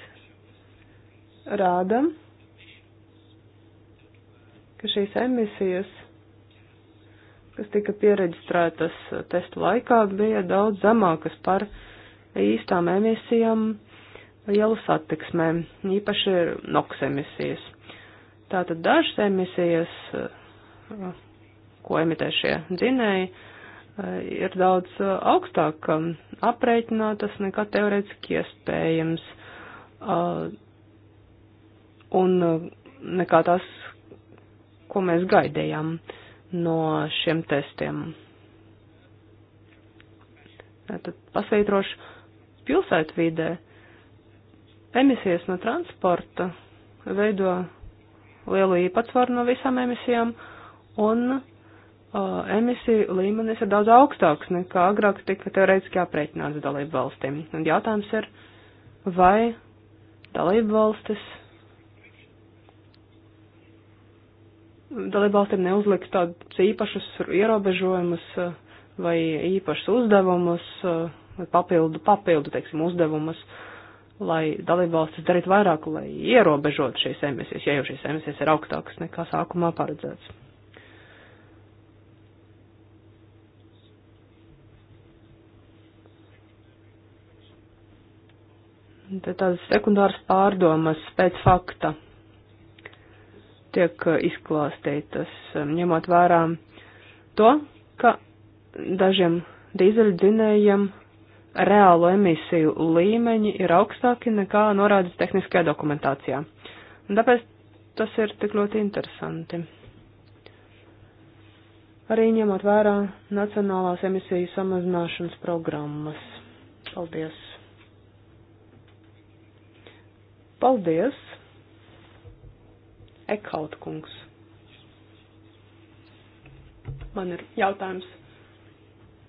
rāda, ka šīs emisijas, kas tika pieregistrētas testu laikā, bija daudz zemākas par īstām emisijām ielu satiksmē, īpaši NOx emisijas. Tātad dažas emisijas, ko emitē šie dzinēji, ir daudz uh, augstāk um, aprēķinātas nekā teorētiski iespējams uh, un uh, nekā tas, ko mēs gaidījām no šiem testiem. Tad pasveitrošu pilsētvidē emisijas no transporta veido lielu īpatsvaru no visām emisijām un uh, emisiju līmenis ir daudz augstāks nekā agrāk tika teorētiski aprēķināts dalību valstīm. Un jautājums ir, vai dalību valstis dalību valstīm neuzliks tādus īpašus ierobežojumus vai īpašus uzdevumus vai papildu, papildu, teiksim, uzdevumus, lai dalību valstis darītu vairāk, lai ierobežotu šīs emisijas, ja jau šīs emisijas ir augstākas nekā sākumā paredzēts. Te tādas sekundāras pārdomas pēc fakta tiek eh, izklāstītas, eh, ņemot vērā to, ka dažiem dīzeļdzinējiem reālo emisiju līmeņi ir augstāki nekā norādes tehniskajā dokumentācijā. Un tāpēc tas ir tik ļoti interesanti. Arī ņemot vērā Nacionālās emisiju samazināšanas programmas. Paldies! Paldies, Ekhaut kungs. Man ir jautājums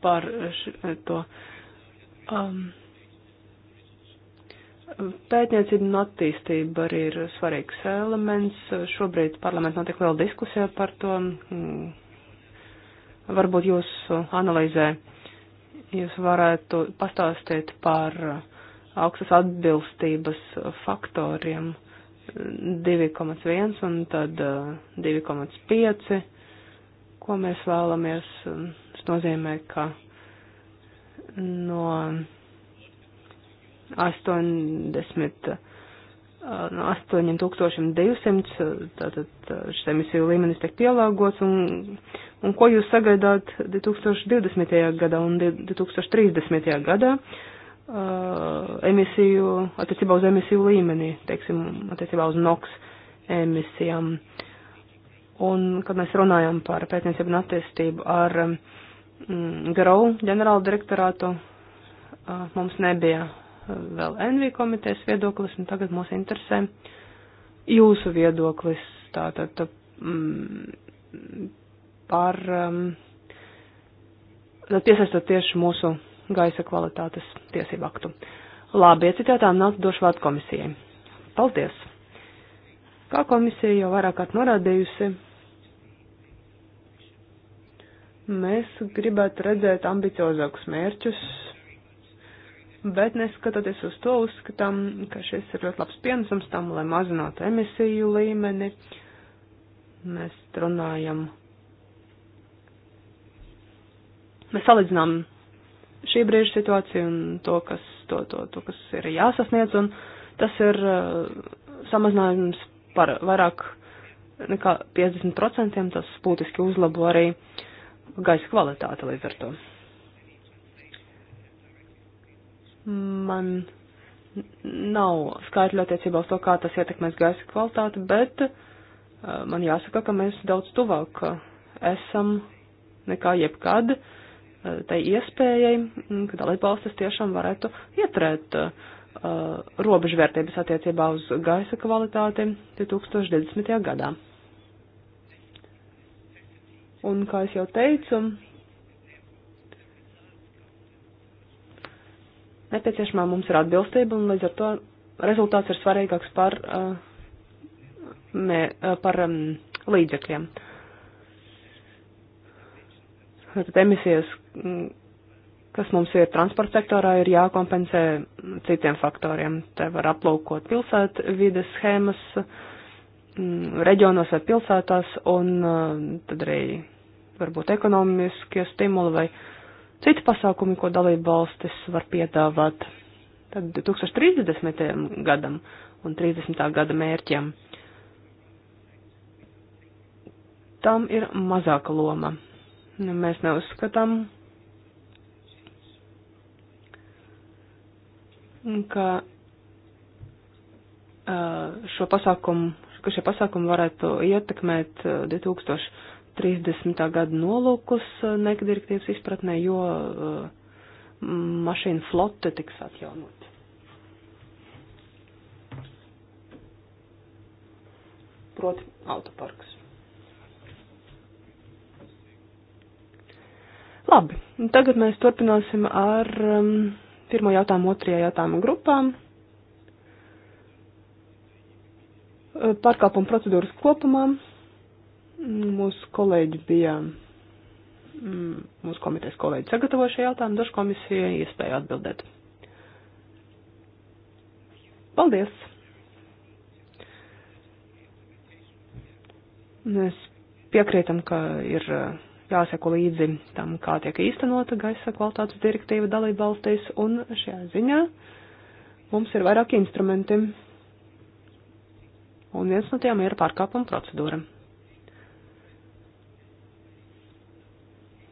par š, to um, pētniecību un attīstību arī ir svarīgs elements. Šobrīd parlamentā notiek liela diskusija par to. Mm. Varbūt jūsu analīzē jūs varētu pastāstīt par uh, augstas atbilstības faktoriem 2,1 un tad 2,5, eh, ko mēs vēlamies. Tas nozīmē, ka no 80, eh, no 8200 tātad eh, šis emisiju līmenis tiek pielāgots un, un ko jūs sagaidāt 2020. gadā un 2030. gadā Uh, emisiju, attiecībā uz emisiju līmenī, teiksim, attiecībā uz NOX emisijām. Un, kad mēs runājam par pētniecību un attīstību ar mm, um, GROW ģenerālu direktorātu, uh, mums nebija uh, vēl NV komitejas viedoklis, un tagad mūs interesē jūsu viedoklis tātad tā, mm, par, mm, um, tad piesaistot tieši mūsu gaisa kvalitātes tiesību aktu. Labi, iecitētām nāc došu vārdu komisijai. Paldies! Kā komisija jau vairāk kārt norādījusi, mēs gribētu redzēt ambiciozākus mērķus, bet neskatoties uz to, uzskatām, ka šis ir ļoti labs pienesums tam, lai mazinātu emisiju līmeni. Mēs runājam, mēs salīdzinām šī brīža situāciju un to, kas, to, to, to, kas ir jāsasniedz, un tas ir uh, samazinājums par vairāk nekā 50%, tas būtiski uzlabo arī gaisa kvalitāti līdz ar to. Man nav skaitļu attiecībā uz to, kā tas ietekmēs gaisa kvalitāti, bet uh, man jāsaka, ka mēs daudz tuvāk esam nekā jebkad. Uh, Eh, tai iespējai, mm, ka dalībvalstis tiešām varētu ieturēt uh, robežvērtības attiecībā uz gaisa kvalitāti 2020. gadā. Un, kā es jau teicu, nepieciešamā mums ir atbilstība, un līdz ar to rezultāts ir svarīgāks par, uh, mē, uh, par um, līdzekļiem. Uh, Tad emisijas, mm, kas mums ir transporta sektorā, ir jākompensē citiem faktoriem. Te var aplaukot pilsētu vides schēmas mm, reģionos vai pilsētās, un mm, tad arī varbūt ekonomiskie stimuli vai citi pasākumi, ko dalība valstis var piedāvāt. Tad 2030. gadam un 30. gada mērķiem tam ir mazāka loma. Nu, mēs neuzskatām, ka šo pasākumu, ka šie pasākumi varētu ietekmēt 2030. gada nolūkus neka direktīvas izpratnē, jo mašīnu flote tiks atjaunot. Proti autoparks. Labi, tagad mēs turpināsim ar um, pirmo jautājumu, otrajā jautājumu grupām. Uh, pārkāpuma procedūras kopumā mūsu kolēģi bija, mm, mūsu komitejas kolēģi sagatavoja šo jautājumu, dažu komisija iespēja atbildēt. Paldies! Mēs piekrītam, ka ir. Uh, jāseko līdzi tam, kā tiek īstenota gaisa kvalitātes direktīva dalībvalstīs, un šajā ziņā mums ir vairāki instrumenti. Un viens no tiem ir pārkāpuma procedūra.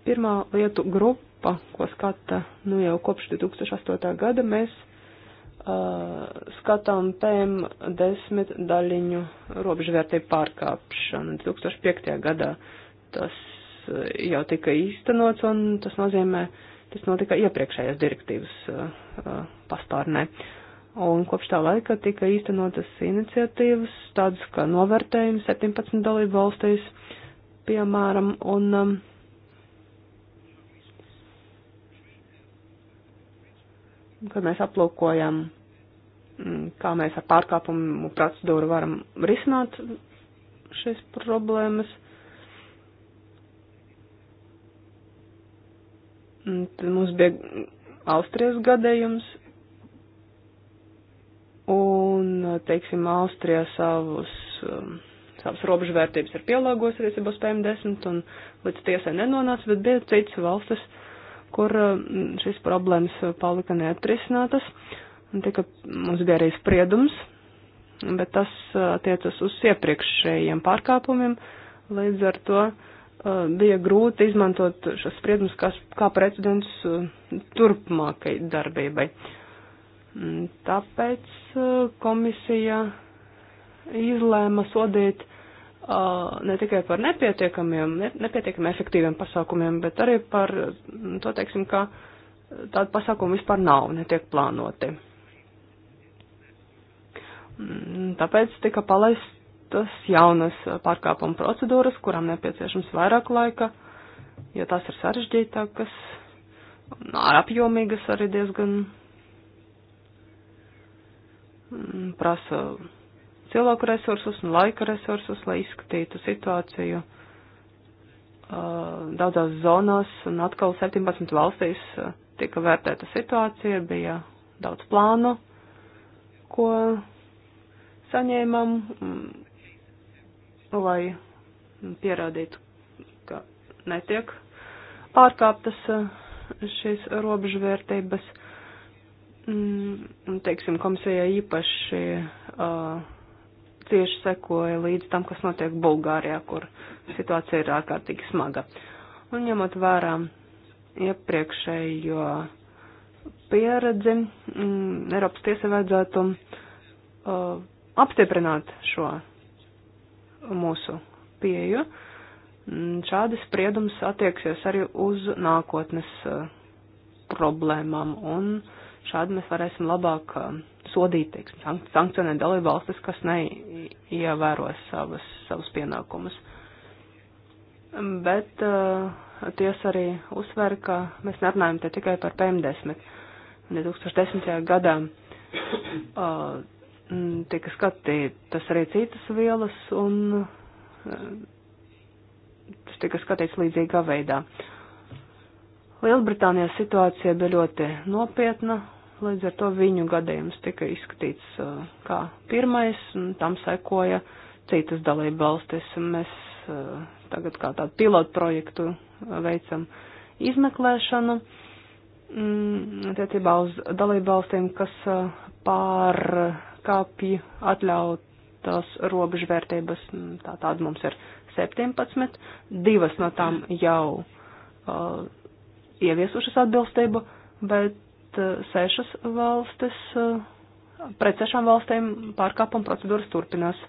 Pirmā lietu grupa, ko skata nu jau kopš 2008. gada, mēs uh, skatām PM10 daļiņu robežvērtību pārkāpšanu 2005. gadā tas jau tika īstenots, un tas nozīmē, tas notika iepriekšējās direktīvas pastārnē. Un kopš tā laika tika īstenotas iniciatīvas, tādas kā novērtējums 17 dalību valstīs, piemēram, un um, kad mēs aplūkojam, kā mēs ar pārkāpumu procedūru varam risināt šīs problēmas. Tad mums bija Austrijas gadījums, un, teiksim, Austrija savus, um, savus robežvērtības ir pielāgojusi attiecībā uz PM10, un līdz tiesai nenonāca, bet bija citas valstis, kur um, šīs problēmas uh, palika neatrisinātas, un tika, mums bija arī spriedums, bet tas uh, attiecas uz iepriekšējiem pārkāpumiem, līdz ar to. Uh, Eh, bija grūti izmantot šos spriedumus kā, kā precedents eh, turpmākai darbībai. Mm, tāpēc eh, komisija izlēma sodīt ne tikai par nepietiekamiem, ne, nepietiekami efektīviem pasākumiem, bet arī par mm, to, teiksim, ka tādu pasākumu vispār nav, netiek plānoti. Mm, tāpēc tika palaists tas jaunas uh, pārkāpuma procedūras, kurām nepieciešams vairāk laika, jo ja tās ir sarežģītākas, ar apjomīgas arī diezgan mm, prasa cilvēku resursus un laika resursus, lai izskatītu situāciju uh, daudzās zonās un atkal 17 valstīs uh, tika vērtēta situācija, bija daudz plānu, ko saņēmām, lai pierādītu, ka netiek pārkāptas eh, šīs robežvērtības. Mm, teiksim, komisijai īpaši uh, cieši sekoja līdz tam, kas notiek Bulgārijā, kur situācija ir ārkārtīgi smaga. Un ņemot vērā iepriekšējo pieredzi, mm, Eiropas tiesa vajadzētu uh, apstiprināt šo mūsu pieju. Mm, šādi spriedums attieksies arī uz nākotnes eh, problēmām, un šādi mēs varēsim labāk eh, sodīt, teiksim, sankcionēt dalību valstis, kas neievēros savas, savus pienākumus. Bet uh, tiesa arī uzsver, ka mēs nerunājam te tikai par PM10. 2010. gadā uh, Mm, tika skatītas arī citas vielas, un eh, tas tika skatīts līdzīgā veidā. Lielbritānijā situācija bija ļoti nopietna, līdz ar to viņu gadījums tika izskatīts eh, kā pirmais, un tam sekoja citas dalība valstis. Mēs eh, tagad kā tādu pilotu projektu veicam izmeklēšanu mm, attiecībā uz dalību valstīm, kas pār pārkāpja atļautas robežvērtības, mm, tā tāda mums ir 17, divas no tām jau uh, ieviesušas atbilstību, bet uh, sešas valstis, uh, pret sešām valstīm pārkāpuma procedūras turpinās.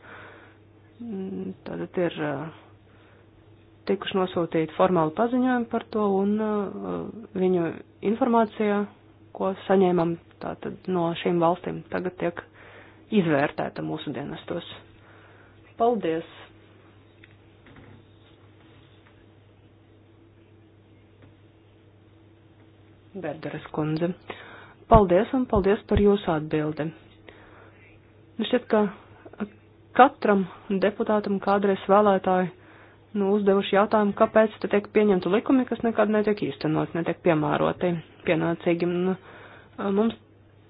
Tātad mm, ir uh, tikuši nosūtīti formāli paziņojumi par to un uh, viņu informācija, ko saņēmam tātad no šīm valstīm, tagad tiek izvērtēta mūsu dienestos. Paldies! Berderes kundze. Paldies un paldies par jūsu atbildi. Nu šķiet, ka katram deputātam kādreiz vēlētāji nu, uzdevuši jautājumu, kāpēc te tiek pieņemti likumi, kas nekad netiek īstenot, netiek piemēroti pienācīgi. Nu, mums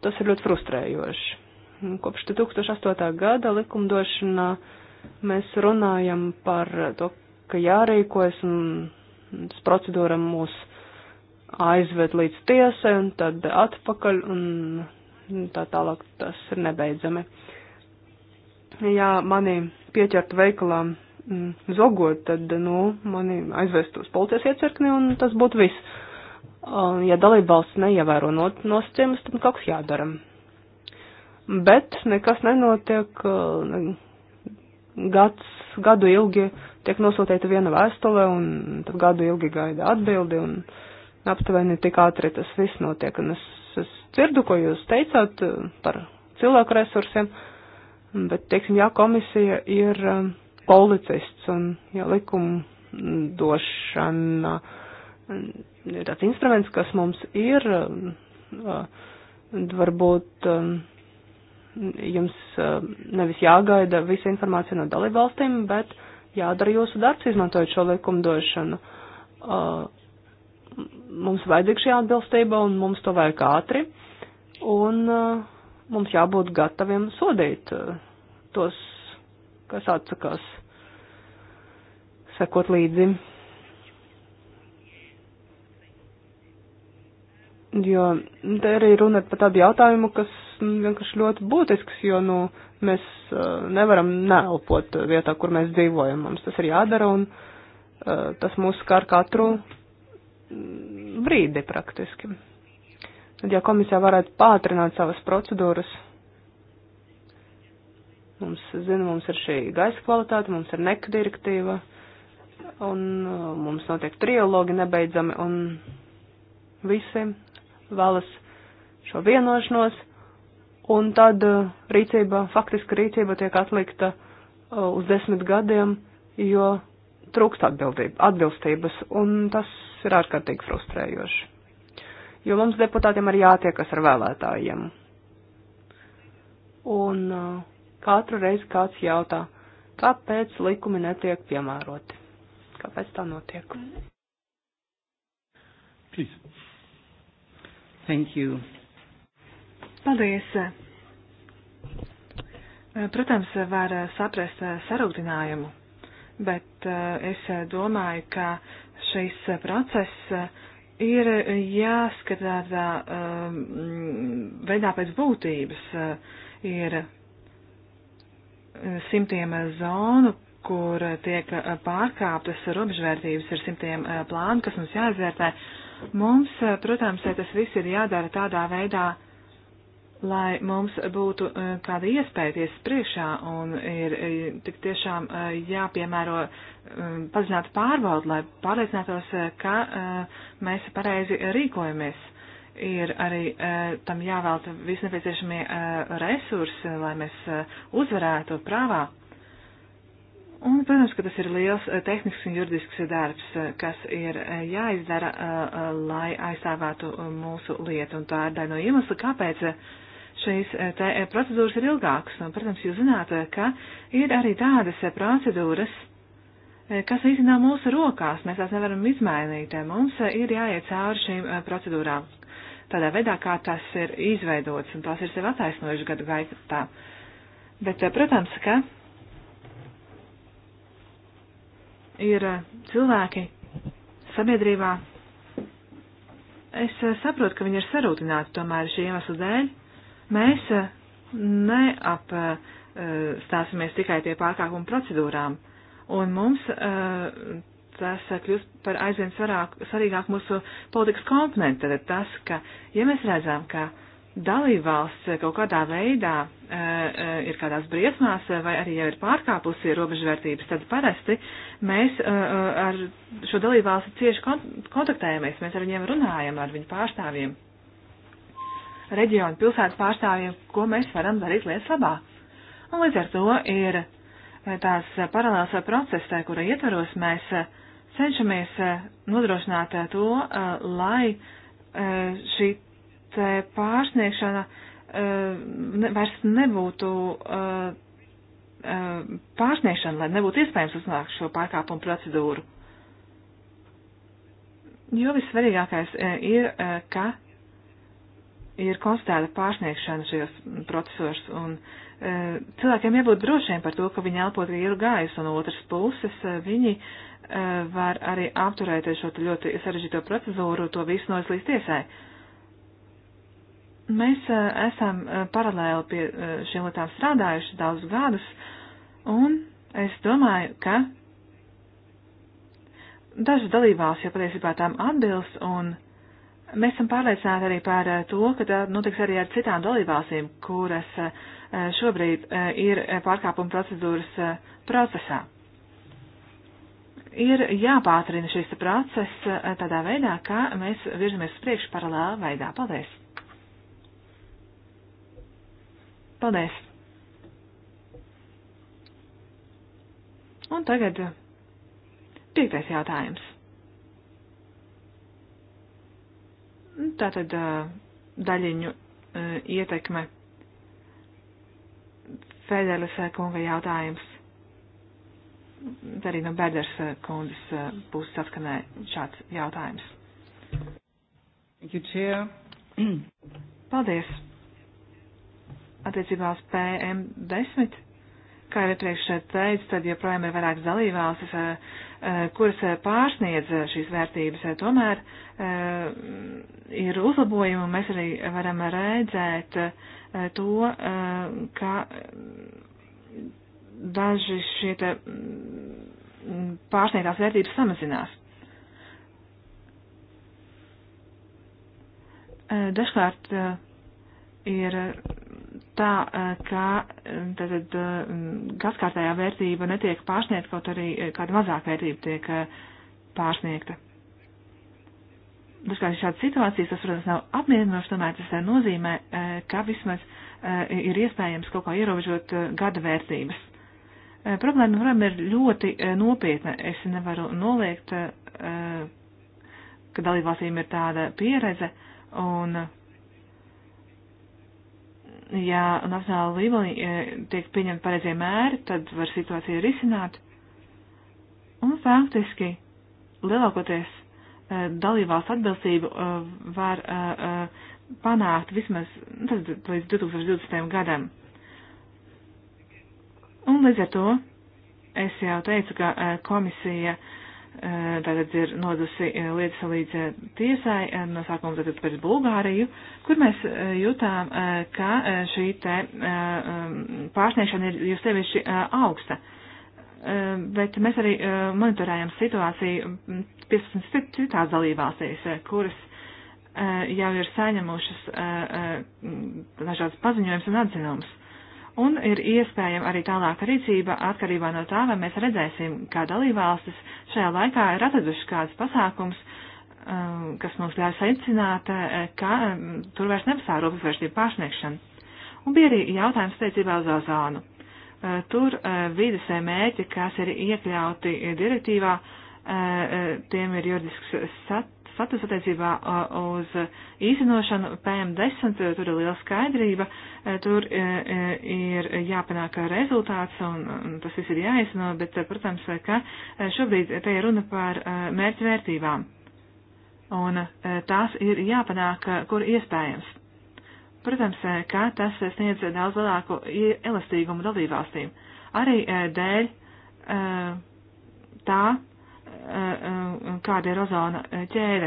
tas ir ļoti frustrējoši. Kopš 2008. gada likumdošanā mēs runājam par to, ka jārīkojas un procedūra mūs aizved līdz tiesai un tad atpakaļ un tā tālāk tas ir nebeidzami. Ja mani pieķertu veikalā mm, zogot, tad, nu, mani aizvest uz policijas iecirkni un tas būtu viss. Uh, ja dalībvalsts neievēro nosacījumus, tad kaut kas jādara bet nekas nenotiek. Gads, gadu ilgi tiek nosūtīta viena vēstule, un tad gadu ilgi gaida atbildi, un aptuveni tik ātri tas viss notiek. Un es, es dzirdu, ko jūs teicāt eh, par cilvēku resursiem, bet, teiksim, jā, komisija ir eh, policists, un jā, likumdošana mm, ir tāds instruments, kas mums ir, eh, varbūt jums nevis jāgaida visa informācija no dalībvalstīm, bet jādara jūsu darbs, izmantojot šo likumdošanu. Mums vajadzīga šī atbilstība un mums to vajag ātri, un mums jābūt gataviem sodīt tos, kas atsakās sekot līdzi. Jo te arī runa par tādu jautājumu, kas vienkārši ļoti būtisks, jo nu, mēs eh, nevaram neelpot vietā, kur mēs dzīvojam. Mums tas ir jādara un eh, tas mūs skar katru brīdi praktiski. Tad, ja komisija varētu pātrināt savas procedūras, mums, zinu, mums ir šī gaisa kvalitāte, mums ir neka direktīva, un eh, mums notiek trialogi nebeidzami, un visi vēlas šo vienošanos, un tad eh, rīcība, faktiska rīcība tiek atlikta eh, uz desmit gadiem, jo trūkst atbildības, un tas ir ārkārtīgi frustrējoši. Jo mums deputātiem ir jātiekas ar vēlētājiem. Un eh, katru reizi kāds jautā, kāpēc likumi netiek piemēroti? Kāpēc tā notiek? Please. Thank you. Paldies! Eh, protams, var eh, saprast eh, sarūktinājumu, bet es domāju, ka šis process ir jāskatā tā mm, veidā pēc būtības. Ir simtiem zonu, kur tiek pārkāptas robežvērtības, ir simtiem plānu, kas mums jāizvērtē. Mums, protams, tas viss ir jādara tādā veidā, lai mums būtu e, kāda iespēja tiesas priekšā un ir e, tik tiešām e, jāpiemēro paziņot pārbaudu, lai pārliecinātos, ka mēs pareizi rīkojamies. Ir arī tam jāvēlta visnepieciešamie resursi, lai mēs uzvarētu prāvā. Un, protams, ka tas ir liels tehnisks un juridisks darbs, kas ir jāizdara, lai aizstāvētu mūsu lietu. Un tā ir daļa no iemesla, kāpēc uh, šīs eh, te eh, procedūras ir ilgākas, un, protams, jūs zināt, eh, ka ir arī tādas procedūras, kas īstenā mūsu rokās, mēs tās nevaram izmainīt, mums ir jāiet cauri šīm procedūrām. Tādā veidā, kā tas ir izveidots, un tās ir sev attaisnojuši gadu gaitā. Bet, protams, ka ir cilvēki sabiedrībā. Es saprotu, ka viņi ir sarūtināti tomēr šī iemesla dēļ, Mēs eh, neap stāsimies tikai pie pārkāpuma procedūrām, un mums eh, tas kļūst par aizvien svarīgāk mūsu politikas komponentu. Tad tas, ka, ja mēs redzam, ka dalībvalsts kaut kādā veidā eh, ir kādās briesmās vai arī jau ir pārkāpusi robežvērtības, tad parasti mēs ar šo dalībvalsti cieši kontaktējamies, mēs ar viņiem runājam, ar viņu pārstāvjiem reģionu pilsētu pārstāvjiem, ko mēs varam darīt lietas labā. Un līdz ar to ir eh, tās paralēlas procesē, kura ietvaros mēs eh, cenšamies eh, nodrošināt to, lai šī pārsniegšana vairs nebūtu pārsniegšana, lai nebūtu iespējams uzsākt šo pārkāpumu procedūru. Jo vissvarīgākais ir, ka ir konstatēta pārsniegšana šajos procesos, un e, cilvēkiem jābūt drošiem par to, ka viņi elpo vīru gaisu, un otras puses e, viņi e, var arī apturēt šo ļoti sarežģīto procedūru, to visu nojas līdz tiesai. Mēs e, esam e, paralēli pie e, šiem lietām strādājuši daudzus gadus, un es domāju, ka dažas dalībās jau patiesībā tām atbilst, un Mēs esam pārliecināti arī par eh, to, ka tā notiks arī ar citām dalībvalstīm, kuras eh, šobrīd eh, ir pārkāpuma procedūras procesā. Ir jāpātrina šis process tādā veidā, ka mēs virzamies uz priekšu paralēli veidā. Paldies! Paldies! Un tagad piektais jautājums. Tātad daļiņu ietekme. Federas kunga jautājums. Arī no Bērders kundas puses atskanē šāds jautājums. Thank you, Chair. Paldies. Attiecībā uz PM10 Kā jau iepriekš eh, teicu, tad joprojām ir vairākas dalībvalstis, eh, eh, kuras pārsniedz šīs vērtības. Tomēr ir uzlabojumi, un mēs arī varam redzēt to, ka daži šie mm, pārsniegtās vērtības samazinās. Dažkārt ir tā, eh, ka eh, tātad eh, gadskārtējā vērtība netiek pārsniegta, kaut arī kāda mazāka vērtība tiek pārsniegta. Dažkārt šādas situācijas, tas, protams, nav apmierinoši, tomēr tas nozīmē, ka vismaz ir iespējams kaut kā ierobežot gada vērtības. Problēma, protams, ir ļoti nopietna. Es nevaru noliegt, ka dalībvalstīm ir tāda pieredze un ja nacionāla līmenī e, tiek pieņemti pareizie mēri, tad var situāciju risināt. Un faktiski lielākoties e, dalībvalsts atbilstību e, var panākt vismaz nu, tas, līdz 2020. gadam. Un līdz ar to es jau teicu, ka komisija Eh, tagad ir nodusi eh, lietas līdz tiesai, eh, no sākuma tagad pēc Bulgāriju, kur mēs jūtām, ka šī te um, pārsniegšana ir jūs sevišķi augsta. Bet mēs arī monitorējam situāciju 15 mm, citās dalībvalstīs, kuras jau ir saņemušas dažādas paziņojums un atzinums. Un ir iespējama arī tālāka rīcība atkarībā no tā, vai mēs redzēsim, kā dalībvalstis šajā laikā ir atraduši kāds pasākums, um, kas mums ļauj secināt, eh, ka um, tur vairs nepastāv robežvērstību pārsniegšana. Un bija arī jautājums attiecībā uz ozonu. Eh, tur eh, vides mērķi, kas ir iekļauti direktīvā, tiem ir juridisks sat status attiecībā uz īstenošanu PM10, tur ir liela skaidrība, tur e, e, ir jāpanāk rezultāts un tas viss ir jāizno, bet, protams, ka šobrīd te ir runa par mērķvērtībām. Un tās ir jāpanāk, kur iespējams. Protams, ka tas sniedz daudz lielāku elastīgumu dalībvalstīm. Arī dēļ tā, Eh, eh, kāda ir ozona ķēde.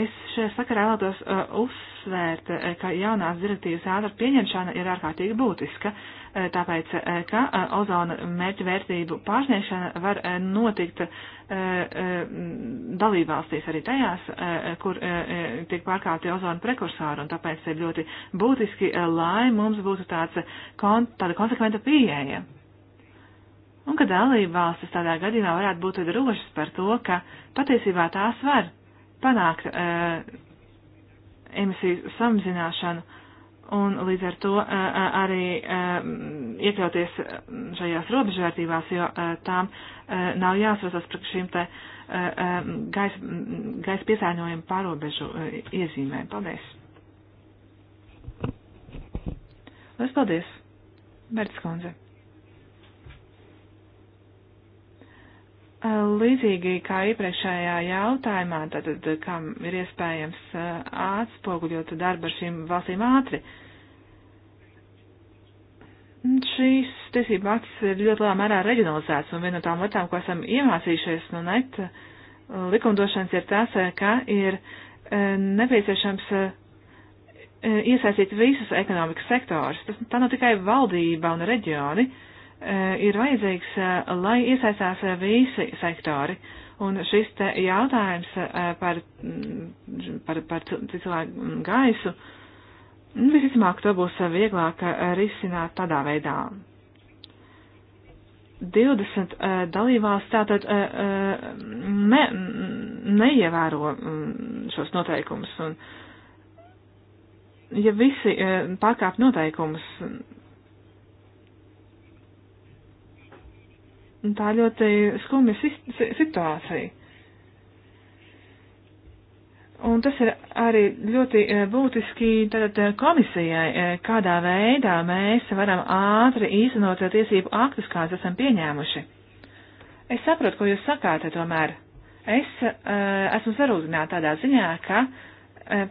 Es šajā sakarā vēlētos eh, uzsvērt, ka jaunās direktīvas ātra pieņemšana ir ārkārtīgi būtiska, tāpēc, ka ozona mērķu vērtību pārsniegšana var notikt dalībvalstīs arī tajās, kur tiek pārkāpti ozona prekursori, un tāpēc ir ļoti būtiski, lai mums būtu tāds, tāda konsekventa pieeja un ka dalībvalstis tādā gadījumā varētu būt drošas par to, ka patiesībā tās var panākt e, emisiju samazināšanu un līdz ar to e, e arī e, iekļauties šajās robežvērtībās, jo e, tām e, nav jāsvasas par šīm te e, e gaisa gais piesārņojumu pārobežu e, iezīmēm. Paldies! Liels paldies, Bērts Konze! Līdzīgi kā iepriekšējā jautājumā, tad, tad kam ir iespējams atspoguļot darbu ar šīm valstīm ātri, šīs tiesība akts ir ļoti lielā mērā reģionalizēts, un viena no tām lietām, ko esam iemācījušies no net likumdošanas, ir tas, ka ir nepieciešams iesaistīt visus ekonomikas sektors. Tas, tā nav tikai valdība un reģioni, uh, E, ir vajadzīgs, e, lai iesaistās e, visi sektori. Un šis te jautājums par, par, par cilvēku gaisu, nu, visticamāk, to būs vieglāk risināt tādā veidā. 20 dalībvalsts tātad ne, neievēro šos noteikumus. Un, ja visi pārkāp noteikumus, Un tā ļoti skumja situācija. Un tas ir arī ļoti e, būtiski tātad, e, komisijai, e, kādā veidā mēs varam ātri īstenot tiesību aktus, kādas esam pieņēmuši. Es saprotu, ko jūs sakāt, tomēr. Es esmu sarūzināta tādā ziņā, ka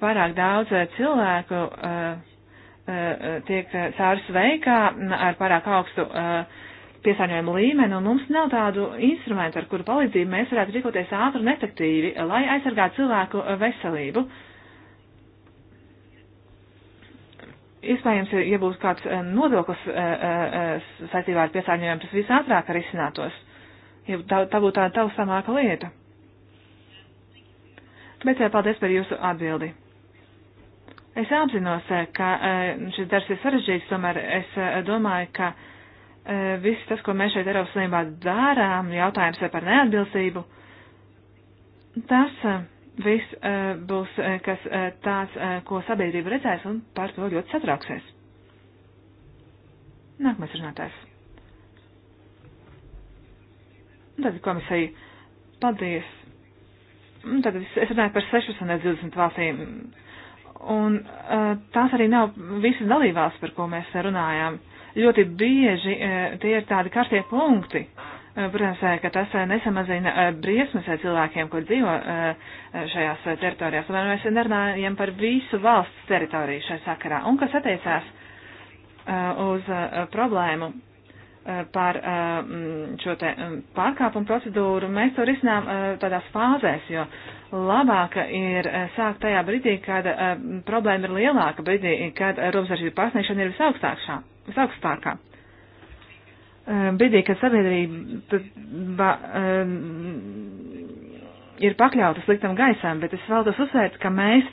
pārāk daudz cilvēku tiek caur sveikā ar pārāk augstu uh, piesārņojumu līmeni, un mums nav tādu instrumentu, ar kuru palīdzību mēs varētu rīkoties ātri un efektīvi, lai aizsargātu cilvēku veselību. Iespējams, ja būs kāds eh, nodoklis eh, eh, saistībā ar piesārņojumu, tas viss ātrāk arī izcinātos. Ja tā, tā būtu tāda taustāmāka lieta. Bet jā, paldies par jūsu atbildi. Es apzinos, ka šis darbs ir sarežģīts, tomēr es domāju, ka E, viss tas, ko mēs šeit Eiropas Savienībā dārām, jautājums par neatbilstību, tas e, viss e, būs kas tāds, ko sabiedrība redzēs un par to ļoti satrauksies. Nākamais runātājs. Tad komisija, paldies. Tad es runāju par 16 no 20 valstīm. Un tās arī nav visas dalībās, par ko mēs runājām ļoti bieži e, tie ir tādi karstie punkti. E, protams, e, ka tas nesamazina briesmas cilvēkiem, kur dzīvo šajās teritorijās. Un mēs nerunājam par visu valsts teritoriju šai sakarā. Un kas attiecās uz problēmu par šo te pārkāpumu procedūru, mēs to risinām tādās fāzēs, jo labāk ir sākt tajā brīdī, kad problēma ir lielāka brīdī, kad robežsardzību pārsniegšana ir visaugstākā visaugstākā. Brīdī, kad sabiedrība ir pakļauta sliktam gaisam, bet es vēlos uzsvērt, ka mēs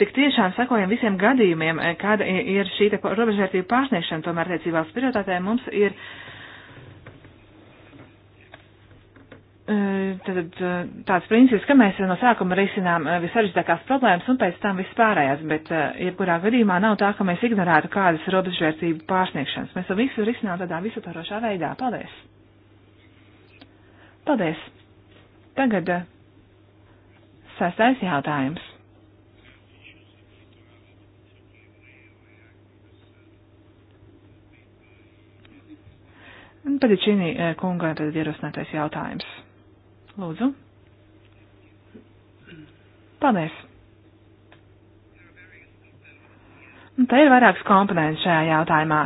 tik tiešām sakojam visiem gadījumiem, kāda ir šī robežvērtība pārsniegšana. Tomēr, attiecībā uz prioritātēm, mums ir uh, Eh, tad eh, tāds princips, ka mēs no sākuma risinām eh, visaržģītākās problēmas un pēc tam vispārējās, bet jebkurā gadījumā nav tā, ka mēs ignorētu kādas robežvērtību pārsniegšanas. Mēs to visu risinām tādā visatvarošā veidā. Paldies! Paldies! Tagad sastais jautājums. Padičīnī kunga tad ierosinātais jautājums. Lūdzu. Paldies. Un te ir vairākas komponentes šajā jautājumā.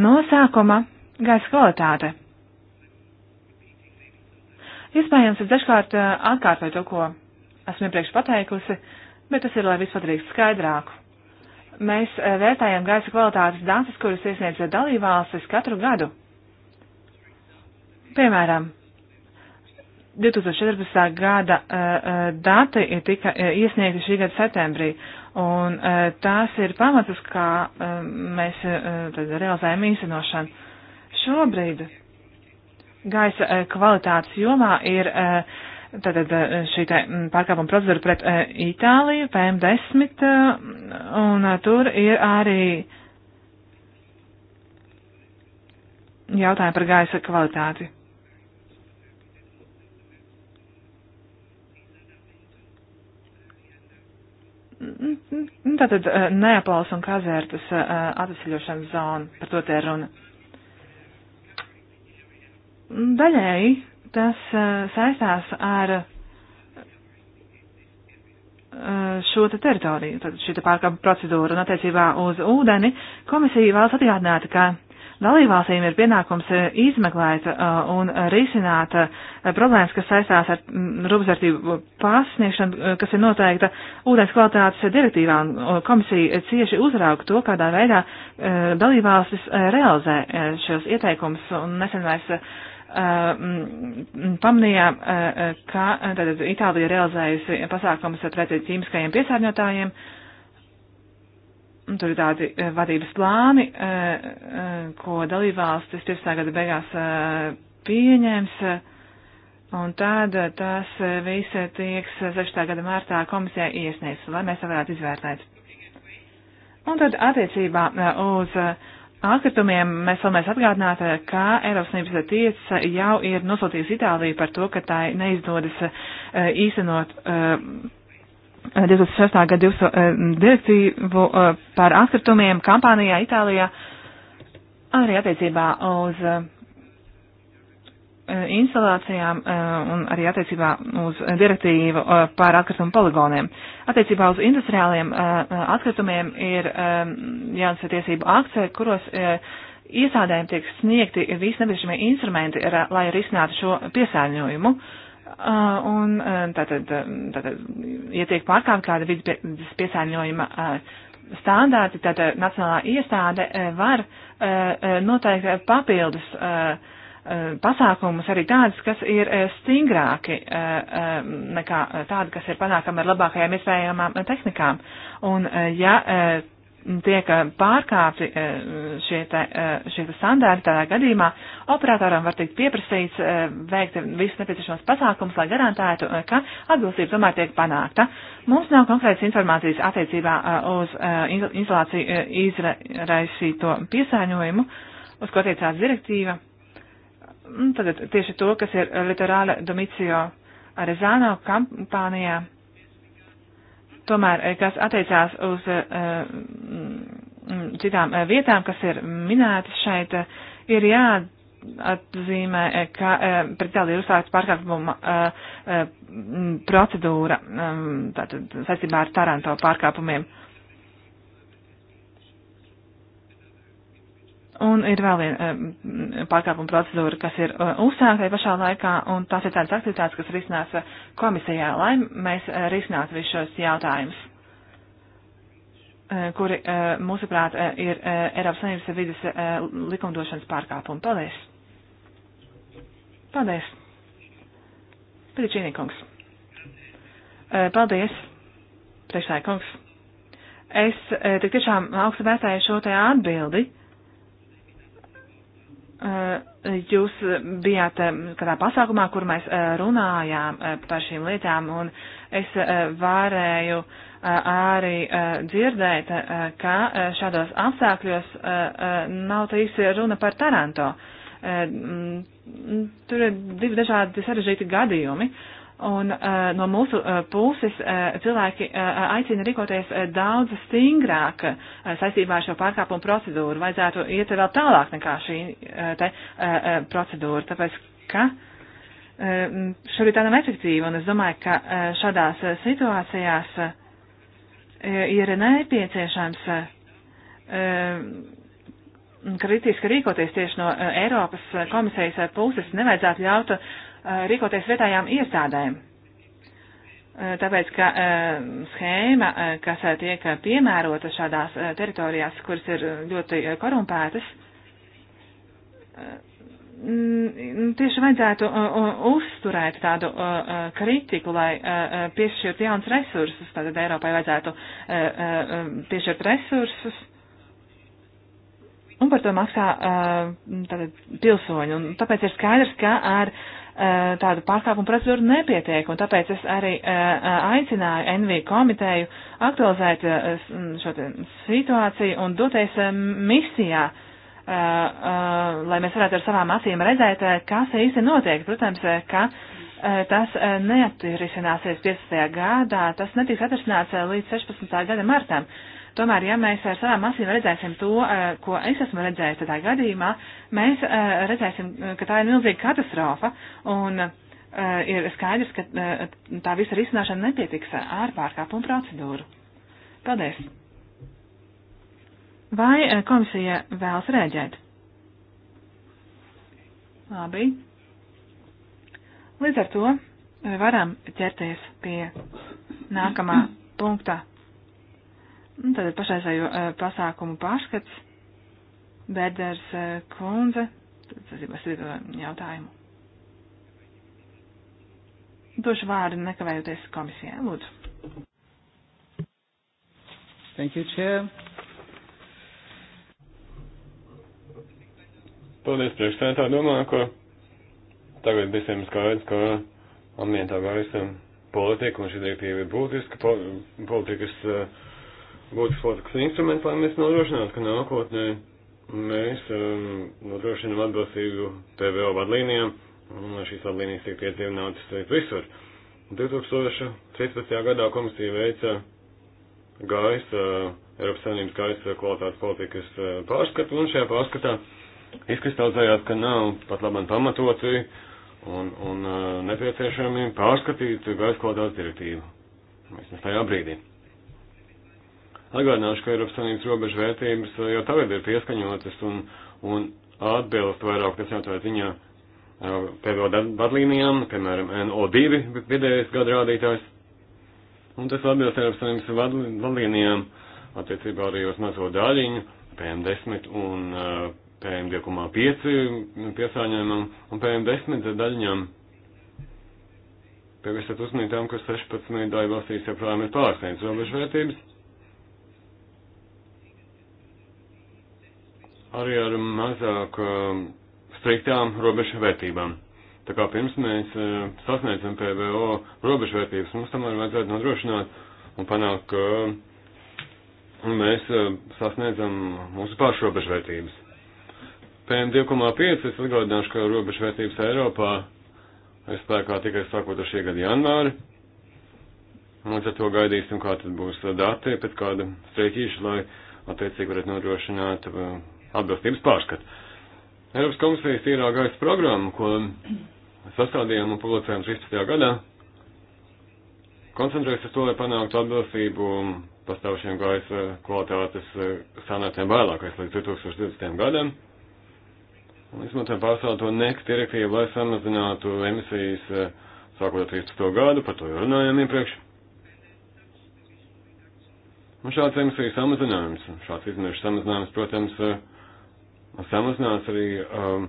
No sākuma gaisa kvalitāte. Iespējams, es dažkārt eh, atkārtoju to, ko esmu iepriekš pateikusi, bet tas ir, lai viss padarītu skaidrāku. Mēs eh, vērtējam gaisa kvalitātes datus, kurus iesniedz dalībvalstis katru gadu. Piemēram, 2014. gada eh, eh, dati tika eh, iesniegti šī gada septembrī, un tās ir pamats, uz kā mēs tad realizējam īstenošanu. Šobrīd gaisa kvalitātes jomā ir tātad šī tā mm, pārkāpuma procedūra pret Itāliju, PM10, un tur ir arī jautājumi par gaisa kvalitāti. Nu, tātad eh, Neapals un Kazērtas eh, atvesļošanas zona, par to te runa. Daļēji tas eh, saistās ar šo te teritoriju, tad šī te pārkāpuma procedūra un attiecībā uz ūdeni komisija vēlas atgādināt, ka Dalībvalstīm ir pienākums eh, izmeklēt eh, un risināt eh, problēmas, kas saistās ar mm, rūpzvērtību pārsniegšanu, kas ir noteikta ūdens kvalitātes direktīvā, un komisija cieši uzrauga to, kādā veidā dalībvalstis realizē šos ieteikumus, un nesen mēs mm, pamanījām, ka tātad Itālija realizējusi pasākumus pret ķīmiskajiem piesārņotājiem, Tur ir tādi eh, vadības plāni, eh, eh, ko dalībvalstis 15. gada beigās pieņems, un tad tas viss tieks 6. gada martā komisijai iesniegts, lai mēs varētu izvērtēt. Un tad attiecībā uz atkritumiem mēs vēlamies atgādināt, ka Eiropas Savienības tiesa jau ir nosūtījusi Itāliju par to, ka tai neizdodas īstenot 26. gada eh, direktīvu eh, par atkritumiem kampānijā Itālijā, arī attiecībā uz eh, instalācijām un arī attiecībā uz direktīvu par atkritumu poligoniem. Attiecībā uz industriāliem atkritumiem ir jānosaka tiesību akts, kuros iestādēm tiek sniegti visi nepieciešamie instrumenti, lai risinātu šo piesārņojumu. Uh, Uh, un uh, tātad, um, tātad ja tiek pārkāpta kāda vidas piesārņojuma uh, standārti, tad nacionālā iestāde var noteikt papildus pasākumus arī tādus, kas ir stingrāki um, nekā tādi, kas ir panākami ar labākajām iespējamām tehnikām. Un ja tiek eh, pārkāpti eh, šie, tā, eh, šie standārti, tādā gadījumā operatoram var tikt pieprasīts veikt visus nepieciešamos pasākumus, lai garantētu, ka atbilstība tomēr tiek panākta. Mums nav konkrētas informācijas attiecībā uz instalāciju izraisīto piesāņojumu, uz ko tiecās direktīva. Mm, Tad tieši to, kas ir literāla domicijo Arezāno kampānijā Tomēr, eh, kas attiecās uz eh, mm, mm, citām eh, vietām, kas ir minētas šeit, ir jāatzīmē, ka pret Itāliju ir uzsākts pārkāpuma procedūra mm, tātad, saistībā ar Taranto pārkāpumiem. Un ir vēl viena eh, pārkāpuma procedūra, kas ir eh, uzsākta pašā laikā, un tās ir tādas aktivitātes, kas risinās eh, komisijā, lai mēs risinātu visus šos jautājumus, kuri, mūsuprāt, ir Eiropas Savienības vidas likumdošanas pārkāpumi. Paldies! Paldies! Priečīnīkungs! Paldies! Priekšsāja kungs! Es tik tiešām augstu vērtēju šo te atbildi Eh, jūs bijāt eh, kādā pasākumā, kur mēs eh, runājām par šīm lietām, un es varēju arī dzirdēt, ka šādos apstākļos nav īsti runa par Taranto. Tur ir divi dažādi sarežģīti gadījumi, Un uh, no mūsu uh, puses uh, cilvēki uh, aicina rīkoties uh, daudz stingrāk uh, saistībā ar šo pārkāpumu procedūru. Vajadzētu iet vēl tālāk nekā šī uh, te, uh, procedūra, tāpēc ka uh, šobrīd tā nav efektīva. Un es domāju, ka uh, šādās uh, situācijās uh, ir nepieciešams. Uh, kritiski rīkoties tieši no Eiropas komisijas puses, nevajadzētu ļaut uh, Eh, rīkoties vietējām iestādēm. Eh, tāpēc, ka eh, schēma, kas tiek piemērota šādās teritorijās, kuras ir ļoti korumpētas, tieši vajadzētu uzturēt tādu kritiku, lai piešķirt jauns resursus. Tātad Eiropai vajadzētu piešķirt resursus. Un par to maksā tātad pilsoņi. Un tāpēc ir skaidrs, ka ar Eh, tādu pārkāpumu procedūru nepietiek, un tāpēc es arī eh, aicināju NV komiteju aktualizēt eh, šo situāciju un doties misijā, lai mēs varētu ar savām acīm redzēt, kas īsti notiek. Protams, ka tas neatrisināsies 15. gadā, tas netiks atrisināts līdz 16. gada martam. Tomēr, ja mēs ar savām asīm redzēsim to, eh, ko es esmu redzējis tādā gadījumā, mēs eh, redzēsim, eh, ka tā ir milzīga katastrofa un ir skaidrs, ka tā visa risināšana nepietiks ar pārkāpumu procedūru. Paldies! Vai komisija vēlas rēģēt? Labi. Līdz ar to varam ķerties pie nākamā punktā. Nu, tad ir pašreizējo eh, pasākumu pārskats. Bērders eh, kundze, tas ir basīto jautājumu. Došu vārdu nekavējoties komisijai, lūdzu. Thank you, Chair. Paldies, priekšsēdētāji. Domāju, ka tagad visiem skaidrs, ka ambientā gaisa eh, politika un šī direktīva ir būtiska. Politikas uh, būtu politikas instruments, lai mēs nodrošinātu, ka nākotnē mēs um, nodrošinam atbilstību PVO vadlīnijām, un šīs vadlīnijas tiek iedzīvinātas visur. 2013. gadā komisija veica gaisa, Eiropas Savienības gaisa kvalitātes politikas uh, pārskatu, un šajā pārskatā izkristalizējās, ka nav pat labam pamatoti un, un uh, nepieciešami pārskatīt gaisa kvalitātes direktīvu. Mēs mēs tajā brīdī. Atgādināšu, ka Eiropas Savienības robežu vērtības eh, jau tagad ir pieskaņotas un, un atbilst vairāk, kas jautājā ziņā eh, PVO vadlīnijām, piemēram, NO2 vidējais gada rādītājs. Un tas atbilst Eiropas Savienības vadlīnijām attiecībā arī uz mazo daļiņu, PM10 un uh, eh, PM2,5 piesāņojumam un PM10 daļiņām. Pievērsat uzmanību tam, ka 16 daļvalstīs joprojām ir pārsniegts robežvērtības. arī ar mazāk um, striktām robežu vērtībām. Tā kā pirms mēs uh, sasniedzam PVO robežu vērtības, mums tomēr vajadzētu nodrošināt un panākt, ka mēs uh, sasniedzam mūsu pašu robežu vērtības. PM2,5 es atgādināšu, ka robežu vērtības Eiropā ir spēkā tikai sākot ar šī gada janvāri. Līdz ar to gaidīsim, kā tad būs dati pēc kāda streiķīša, lai attiecīgi varētu nodrošināt uh, atbilstības pārskatu. Eiropas komisijas tīrā gaisa programma, ko sastādījām un publicējām 13. gadā, koncentrējas uz to, lai panāktu atbilstību pastāvošiem gaisa kvalitātes eh, standartiem vēlākais līdz 2020. gadam. Un izmantojam pārstāvot to NEC direktīvu, lai samazinātu emisijas eh, sākot 13. gadu, par to jau runājām iepriekš. Un šāds emisiju samazinājums, šāds izmešu samazinājums, protams, eh, samazinās arī um,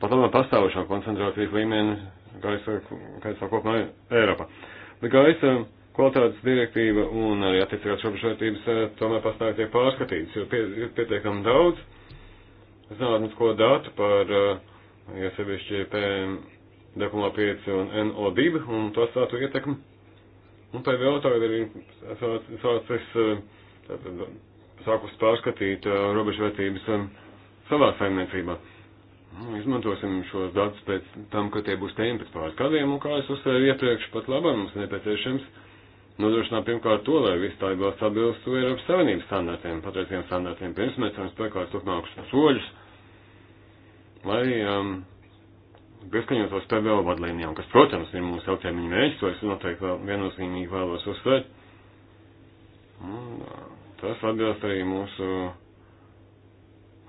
pat labāk pastāvošā koncentrācijas līmeni gaisa, gaisa kopumā Eiropā. Bet gaisa kvalitātes direktīva un arī attiecīgās robežvērtības eh, tomēr pastāvīgi tiek pārskatītas, jo pie, ir pietiekami daudz zinātnisko datu par, ja eh, sevišķi PM 2,5 un NO2 un to atstātu ietekmi. Un tā vēl tagad ir sācis, sācis, eh, sākus pārskatīt robežvērtības. Uh, savā saimniecībā. Nu, izmantosim šos datus pēc tam, kad tie būs tiem pēc pāris gadiem, un kā es uzsveru iepriekš, pat labāk mums nepieciešams nodrošināt pirmkārt to, lai viss tā atbilst atbilstu Eiropas Savienības standartiem, patreiziem standartiem, pirms mēs varam spēkāt turpmākus soļus, lai um, pieskaņotos PVO vadlīnijām, kas, protams, ir mūsu ilgtermiņa mērķis, to es noteikti vēl viennozīmīgi vēlos uzsvērt. Un, uh, tas atbilst arī mūsu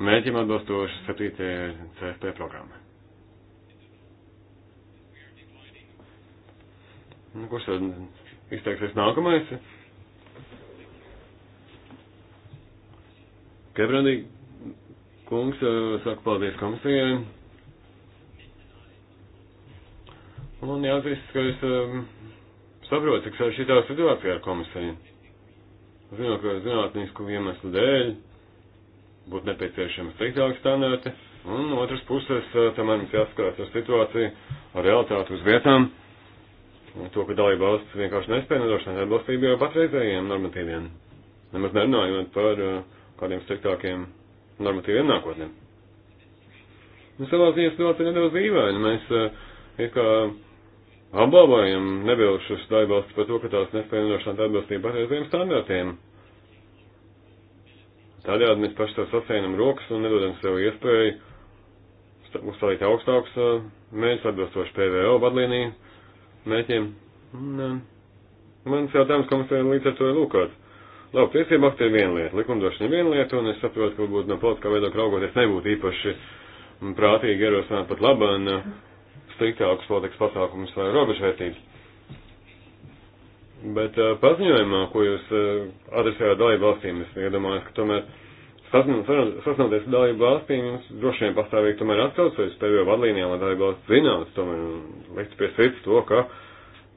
mērķim atbilstoši 7. CFP programmai. Nu, kurš tad izteiksies nākamais? Kebrandī kungs saka paldies komisijai. Un jāatzīst, ka es um, saprotu, cik šī tā situācija ar komisiju. Zinu, ka zinātnīsku iemeslu dēļ būtu nepieciešami striktāki standarti, un no otras puses eh, tomēr mums jāskatās ar situāciju, ar realitāti uz vietām, to, ka dalība valsts vienkārši nespēja nodrošināt atbilstību jau patreizējiem normatīviem, nemaz nerunājot par eh, kādiem striktākiem normatīviem nākotnē. Un savā ziņā situācija nedaudz dīvaina. Mēs eh, it kā apbalvojam nebilšus dalību valsts par to, ka tās nespēja nodrošināt atbilstību patreizējiem standartiem. Tādējādi mēs paši sev sasēnam rokas un nedodam sev iespēju uzstādīt augstākus mērķus atbilstoši PVO vadlīniju mērķiem. Un, mans jautājums komisijai līdz ar to ir lūkots. Labi, tiesība akti ir viena lieta, likumdošana ir viena lieta, un es saprotu, ka varbūt no politiskā viedokļa raugoties nebūtu īpaši prātīgi ierosināt pat labu un striktākus politikas pasākumus vai robežvērtības. Bet paziņojumā, ko jūs adresējāt dalību valstīm, es iedomājos, ka tomēr sasnoties ar dalību valstīm, jums droši vien pastāvīgi tomēr atcaucoties par jau vadlīnijām, lai dalību valsts zinātu, tomēr likt pie sirds to, ka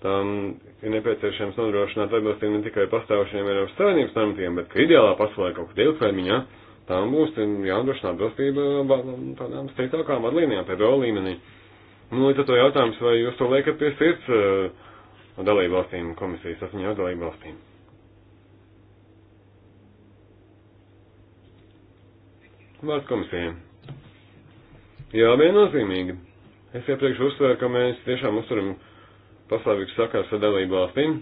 tam ir nepieciešams nodrošināt dalību valstīm ne tikai pastāvošiem Eiropas Savienības normatīviem, bet ka ideālā pasaulē kaut kur divkaimiņā tām būs jānodrošina atbilstība tādām striktākām vadlīnijām, PBO līmenī. Nu, līdz ar to jautājums, vai jūs to liekat pie sirds? Uh, no dalību valstīm un komisijas saskaņā ar dalību valstīm. Vārds komisijai. Jā, viennozīmīgi. Es iepriekš uzsveru, ka mēs tiešām uzsveram pastāvīgu sakars ar dalību valstīm.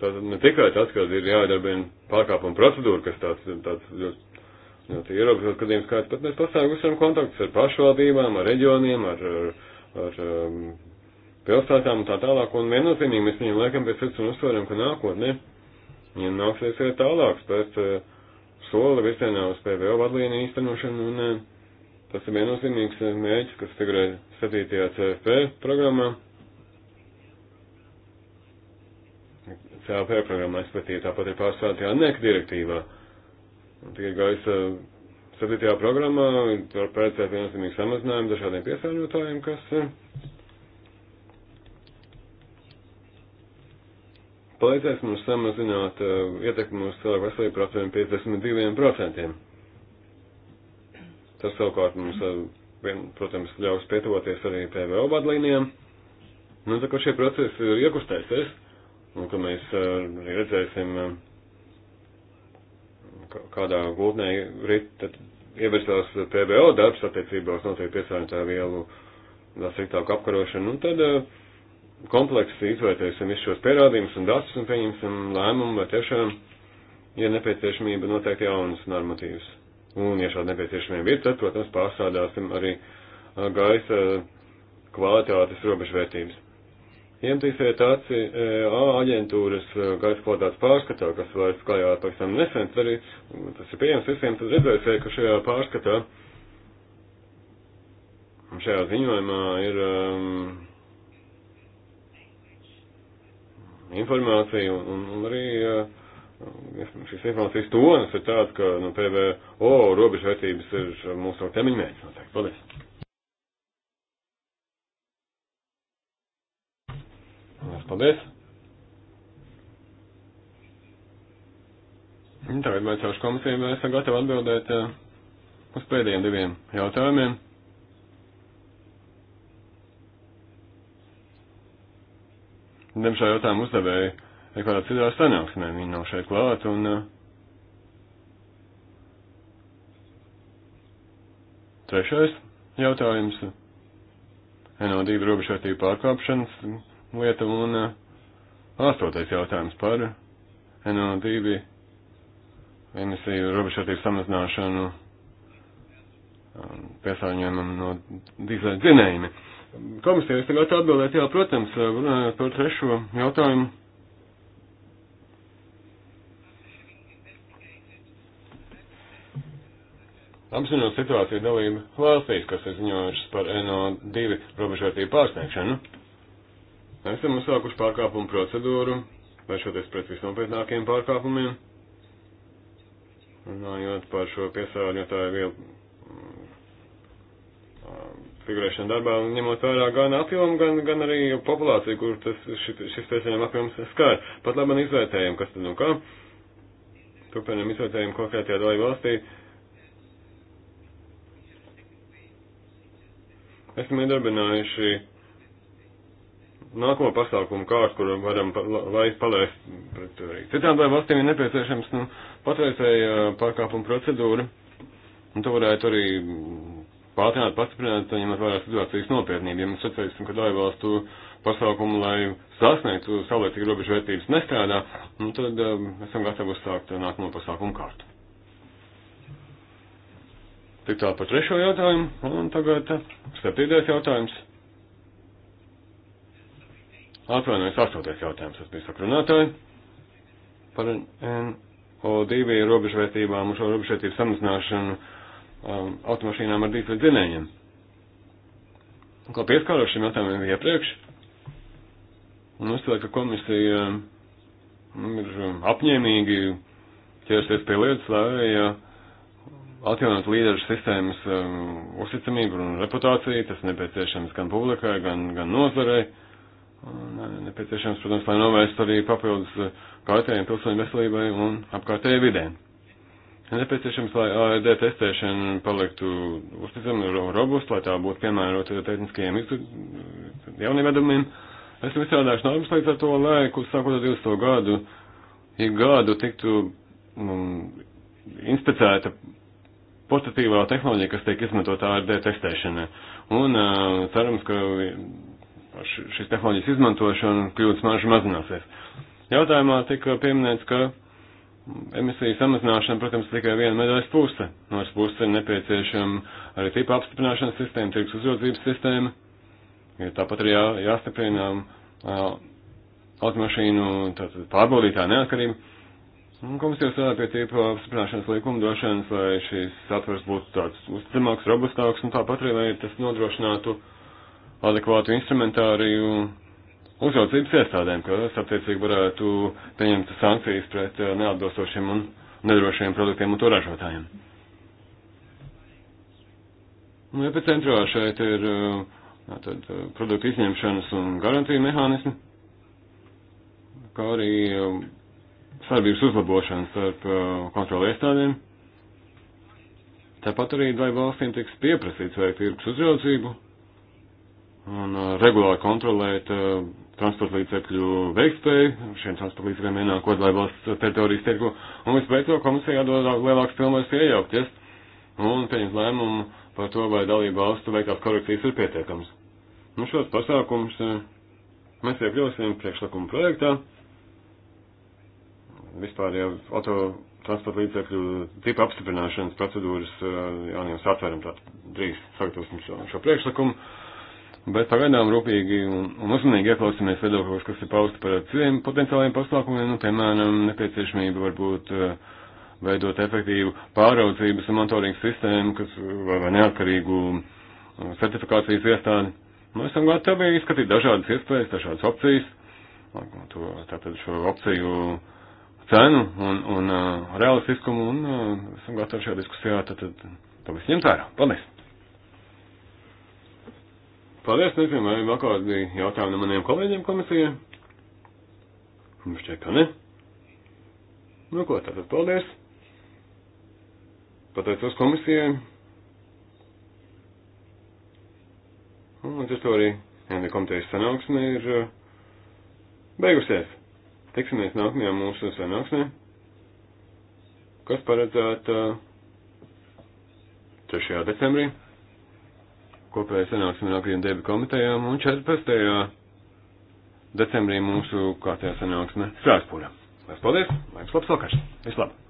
Tātad ne tikai tas, ka ir jāiedarbina pārkāpuma procedūra, kas tāds, tāds ļoti Nu, tie ierobežot gadījumu skaits, bet mēs pastāvīgi uzsveram kontaktus ar pašvaldībām, ar reģioniem, ar, ar, ar um, pilsētām un tā tālāk, un viennozīmīgi mēs viņiem liekam pēc sirds un uzsveram, ka nākotnē viņiem nāksies iet tālāk pēc uh, sola virzienā uz PVO vadlīnu īstenošanu, un uh, tas ir viennozīmīgs uh, mēģis, kas figurē 7. CFP programmā. CLP programmā izplatīja, tāpat ir pārstāvētajā NEC direktīvā. Tikai gaisa sadītajā programmā var paredzēt viennozīmīgu samazinājumu dažādiem piesārņotājiem, kas eh, palīdzēs mums samazināt eh, ietekmi uz cilvēku veselību par aptuveni 52%. Tas savukārt mums, eh, vien, protams, ļaus pietuvoties arī PVO vadlīnijām. Nu, tā kā šie procesi ir iekustēsies, un ka mēs arī redzēsim uh, kādā gultnē rit, tad ievirsās PBO darbs attiecībā uz noteikti piesārņotā vielu sliktāku apkarošanu, un tad eh, kompleksi izvērtēsim visus šos pierādījumus un datus un pieņemsim lēmumu, vai tiešām ir nepieciešamība noteikti jaunas normatīvas. Un, ja šāda nepieciešamība ir, tad, protams, pārstrādāsim arī eh, gaisa kvalitātes robežvērtības. Iemetīsiet aci e, A aģentūras e, gaisa kvalitātes pārskatā, kas vairs klājā pavisam nesen, arī tas ir pieejams visiem, tad redzēsiet, ka šajā pārskatā, šajā ziņojumā ir um, informācija un, un arī uh, e, šīs informācijas tonas ir tāds, ka nu, PVO robežvērtības ir mūsu temiņmērķis noteikti. Paldies! Paldies! Tagad mēs jau komisijai esam gatavi atbildēt uh, uz pēdējiem diviem jautājumiem. Diemžēl jautājumu uzdevēja ir kādā citā sanāksmē, viņi nav šeit klāt un uh, trešais jautājums. NO2 robežvērtību pārkāpšanas lieta un eh, astotais jautājums par NO2 emisiju robežotības samazināšanu um, piesārņojumam no dīzeļa dzinējumi. Komisija, es tagad atbildēt, jā, protams, runājot par trešo jautājumu. Apzinot situāciju dalību valstīs, kas ir ziņojušas par NO2 robežotību pārsniegšanu. Esam uzsākuši pārkāpumu procedūru, vēršoties pret visnopietnākajiem pārkāpumiem, runājot par šo piesārņotāju vielu mm, figurēšanu darbā, ņemot vērā gan apjomu, gan, gan arī populāciju, kur tas, šis, šis piesārņojuma apjoms skar. Pat labi izvērtējam, kas tad un kā. Turpinam izvērtējumu konkrētajā dalību valstī. Esam iedarbinājuši nākamo pasākumu kārtu, kur varam laiku palaist pret arī. Citām valstīm ir nepieciešams nu, patreizēja pārkāpuma procedūra, un to varētu arī pātrināt, pastiprināt, ņemot vērā situācijas nopietnību. Ja mēs atcerēsim, ka daivalstu pasākumu, lai sasniegtu saulēcīgu robežu vērtības nestrādā, nu, tad um, esam gatavi uzsākt nākamo pasākumu kārtu. Tik tā par trešo jautājumu, un tagad uh, septītais jautājums. Atvainojos, astoties jautājums, es biju sakrunātāji par NO2 robežvērtībām un šo robežvērtību samazināšanu um, automašīnām ar dīzeļdzinējiem. Kā pieskāros šiem jautājumiem iepriekš, un uzskatu, ka komisija um, ir um, apņēmīgi ķersties pie lietas, lai uh, atjaunot līderu sistēmas um, uzticamību un reputāciju, tas nepieciešams gan publikai, gan, gan nozarei. Uh, Un eh, nepieciešams, protams, lai novērstu arī papildus eh, kaitējumu pilsoņu veselībai un apkārtējai vidē. Nepieciešams, lai ARD testēšana paliktu uzticama un robusta, lai tā būtu piemērota tehniskajiem eh, jaunievedumiem. Esmu izstrādājuši normas līdz ar to laiku, sākot ar 20. gadu, ik gadu tiktu um, inspicēta portatīvā tehnoloģija, kas tiek izmantota ARD testēšanai. Un uh, cerams, ka šīs tehnoloģijas izmantošana kļūdas marža mazināsies. Jautājumā tika pieminēts, ka emisiju samazināšana, protams, tikai viena medaļas puse. No otras puses ir nepieciešama arī tipa apstiprināšanas sistēma, tirgus uzraudzības sistēma. Ja tāpat arī jā, jāstiprina automašīnu pārbaudītāja neatkarība. Un komisija strādā pie tipa apstiprināšanas likumdošanas, lai šīs satvers būtu tāds uzticamāks, robustāks un tāpat arī, lai tas nodrošinātu uh, adekvātu instrumentāriju uzraudzības iestādēm, kas attiecīgi varētu pieņemt sankcijas pret eh, neatbilstošiem un nedrošiem produktiem un to ražotājiem. Un nu, epicentrā šeit ir eh, tātad, eh, produktu izņemšanas un garantiju mehānismi, kā arī sadarbības uzlabošanas starp kontroli iestādēm. Tāpat arī, vai valstīm tiks pieprasīts veikt tirgus uzraudzību un uh, regulāri kontrolēt uh, transporta līdzekļu veiktspēju, šiem transporta līdzekļiem ienākot, lai valsts teritorijas tirgo, un visbeidzot komisija jādod lielāks pilnvars iejaukties un pieņemt lēmumu par to, vai dalību valstu veiktās korekcijas ir pietiekams. Nu, šos pasākums uh, mēs iekļausim priekšlikuma projektā, vispār jau auto transporta līdzekļu tipa apstiprināšanas procedūras jauniem satveram, tātad drīz sagatavosim šo, šo priekšlikumu. Bet pagaidām rūpīgi un, un uzmanīgi ieklausīsimies viedokļos, kas ir pausti par citiem potenciāliem pasākumiem, nu, piemēram, nepieciešamību varbūt eh, veidot efektīvu pāraudzības un monitoringu sistēmu, kas vai, vai neatkarīgu eh, certifikācijas iestādi. Mēs nu, esam gatavi izskatīt dažādas iespējas, dažādas opcijas, to, tātad šo opciju cenu un, un uh, realistiskumu, un uh, esam gatavi šajā diskusijā, tātad to visu ņemt vērā. Paldies! Paldies, nezinu, vai vēl kādi jautājumi no maniem kolēģiem komisijai? Nu, šķiet, ka ne. Nu, ko tātad, paldies. Pateicos komisijai. Un tas to arī Enda komitejas sanāksme ir uh, beigusies. Tiksimies nākamajā mūsu sanāksmē, kas paredzēta 3. Uh, decembrī kopējā sanāksmē nākamajām debi komitejām un 14. decembrī mūsu kārtējā sanāksmē Strāspūrā. Lai paldies, lai jums labs vakars! Vislabāk!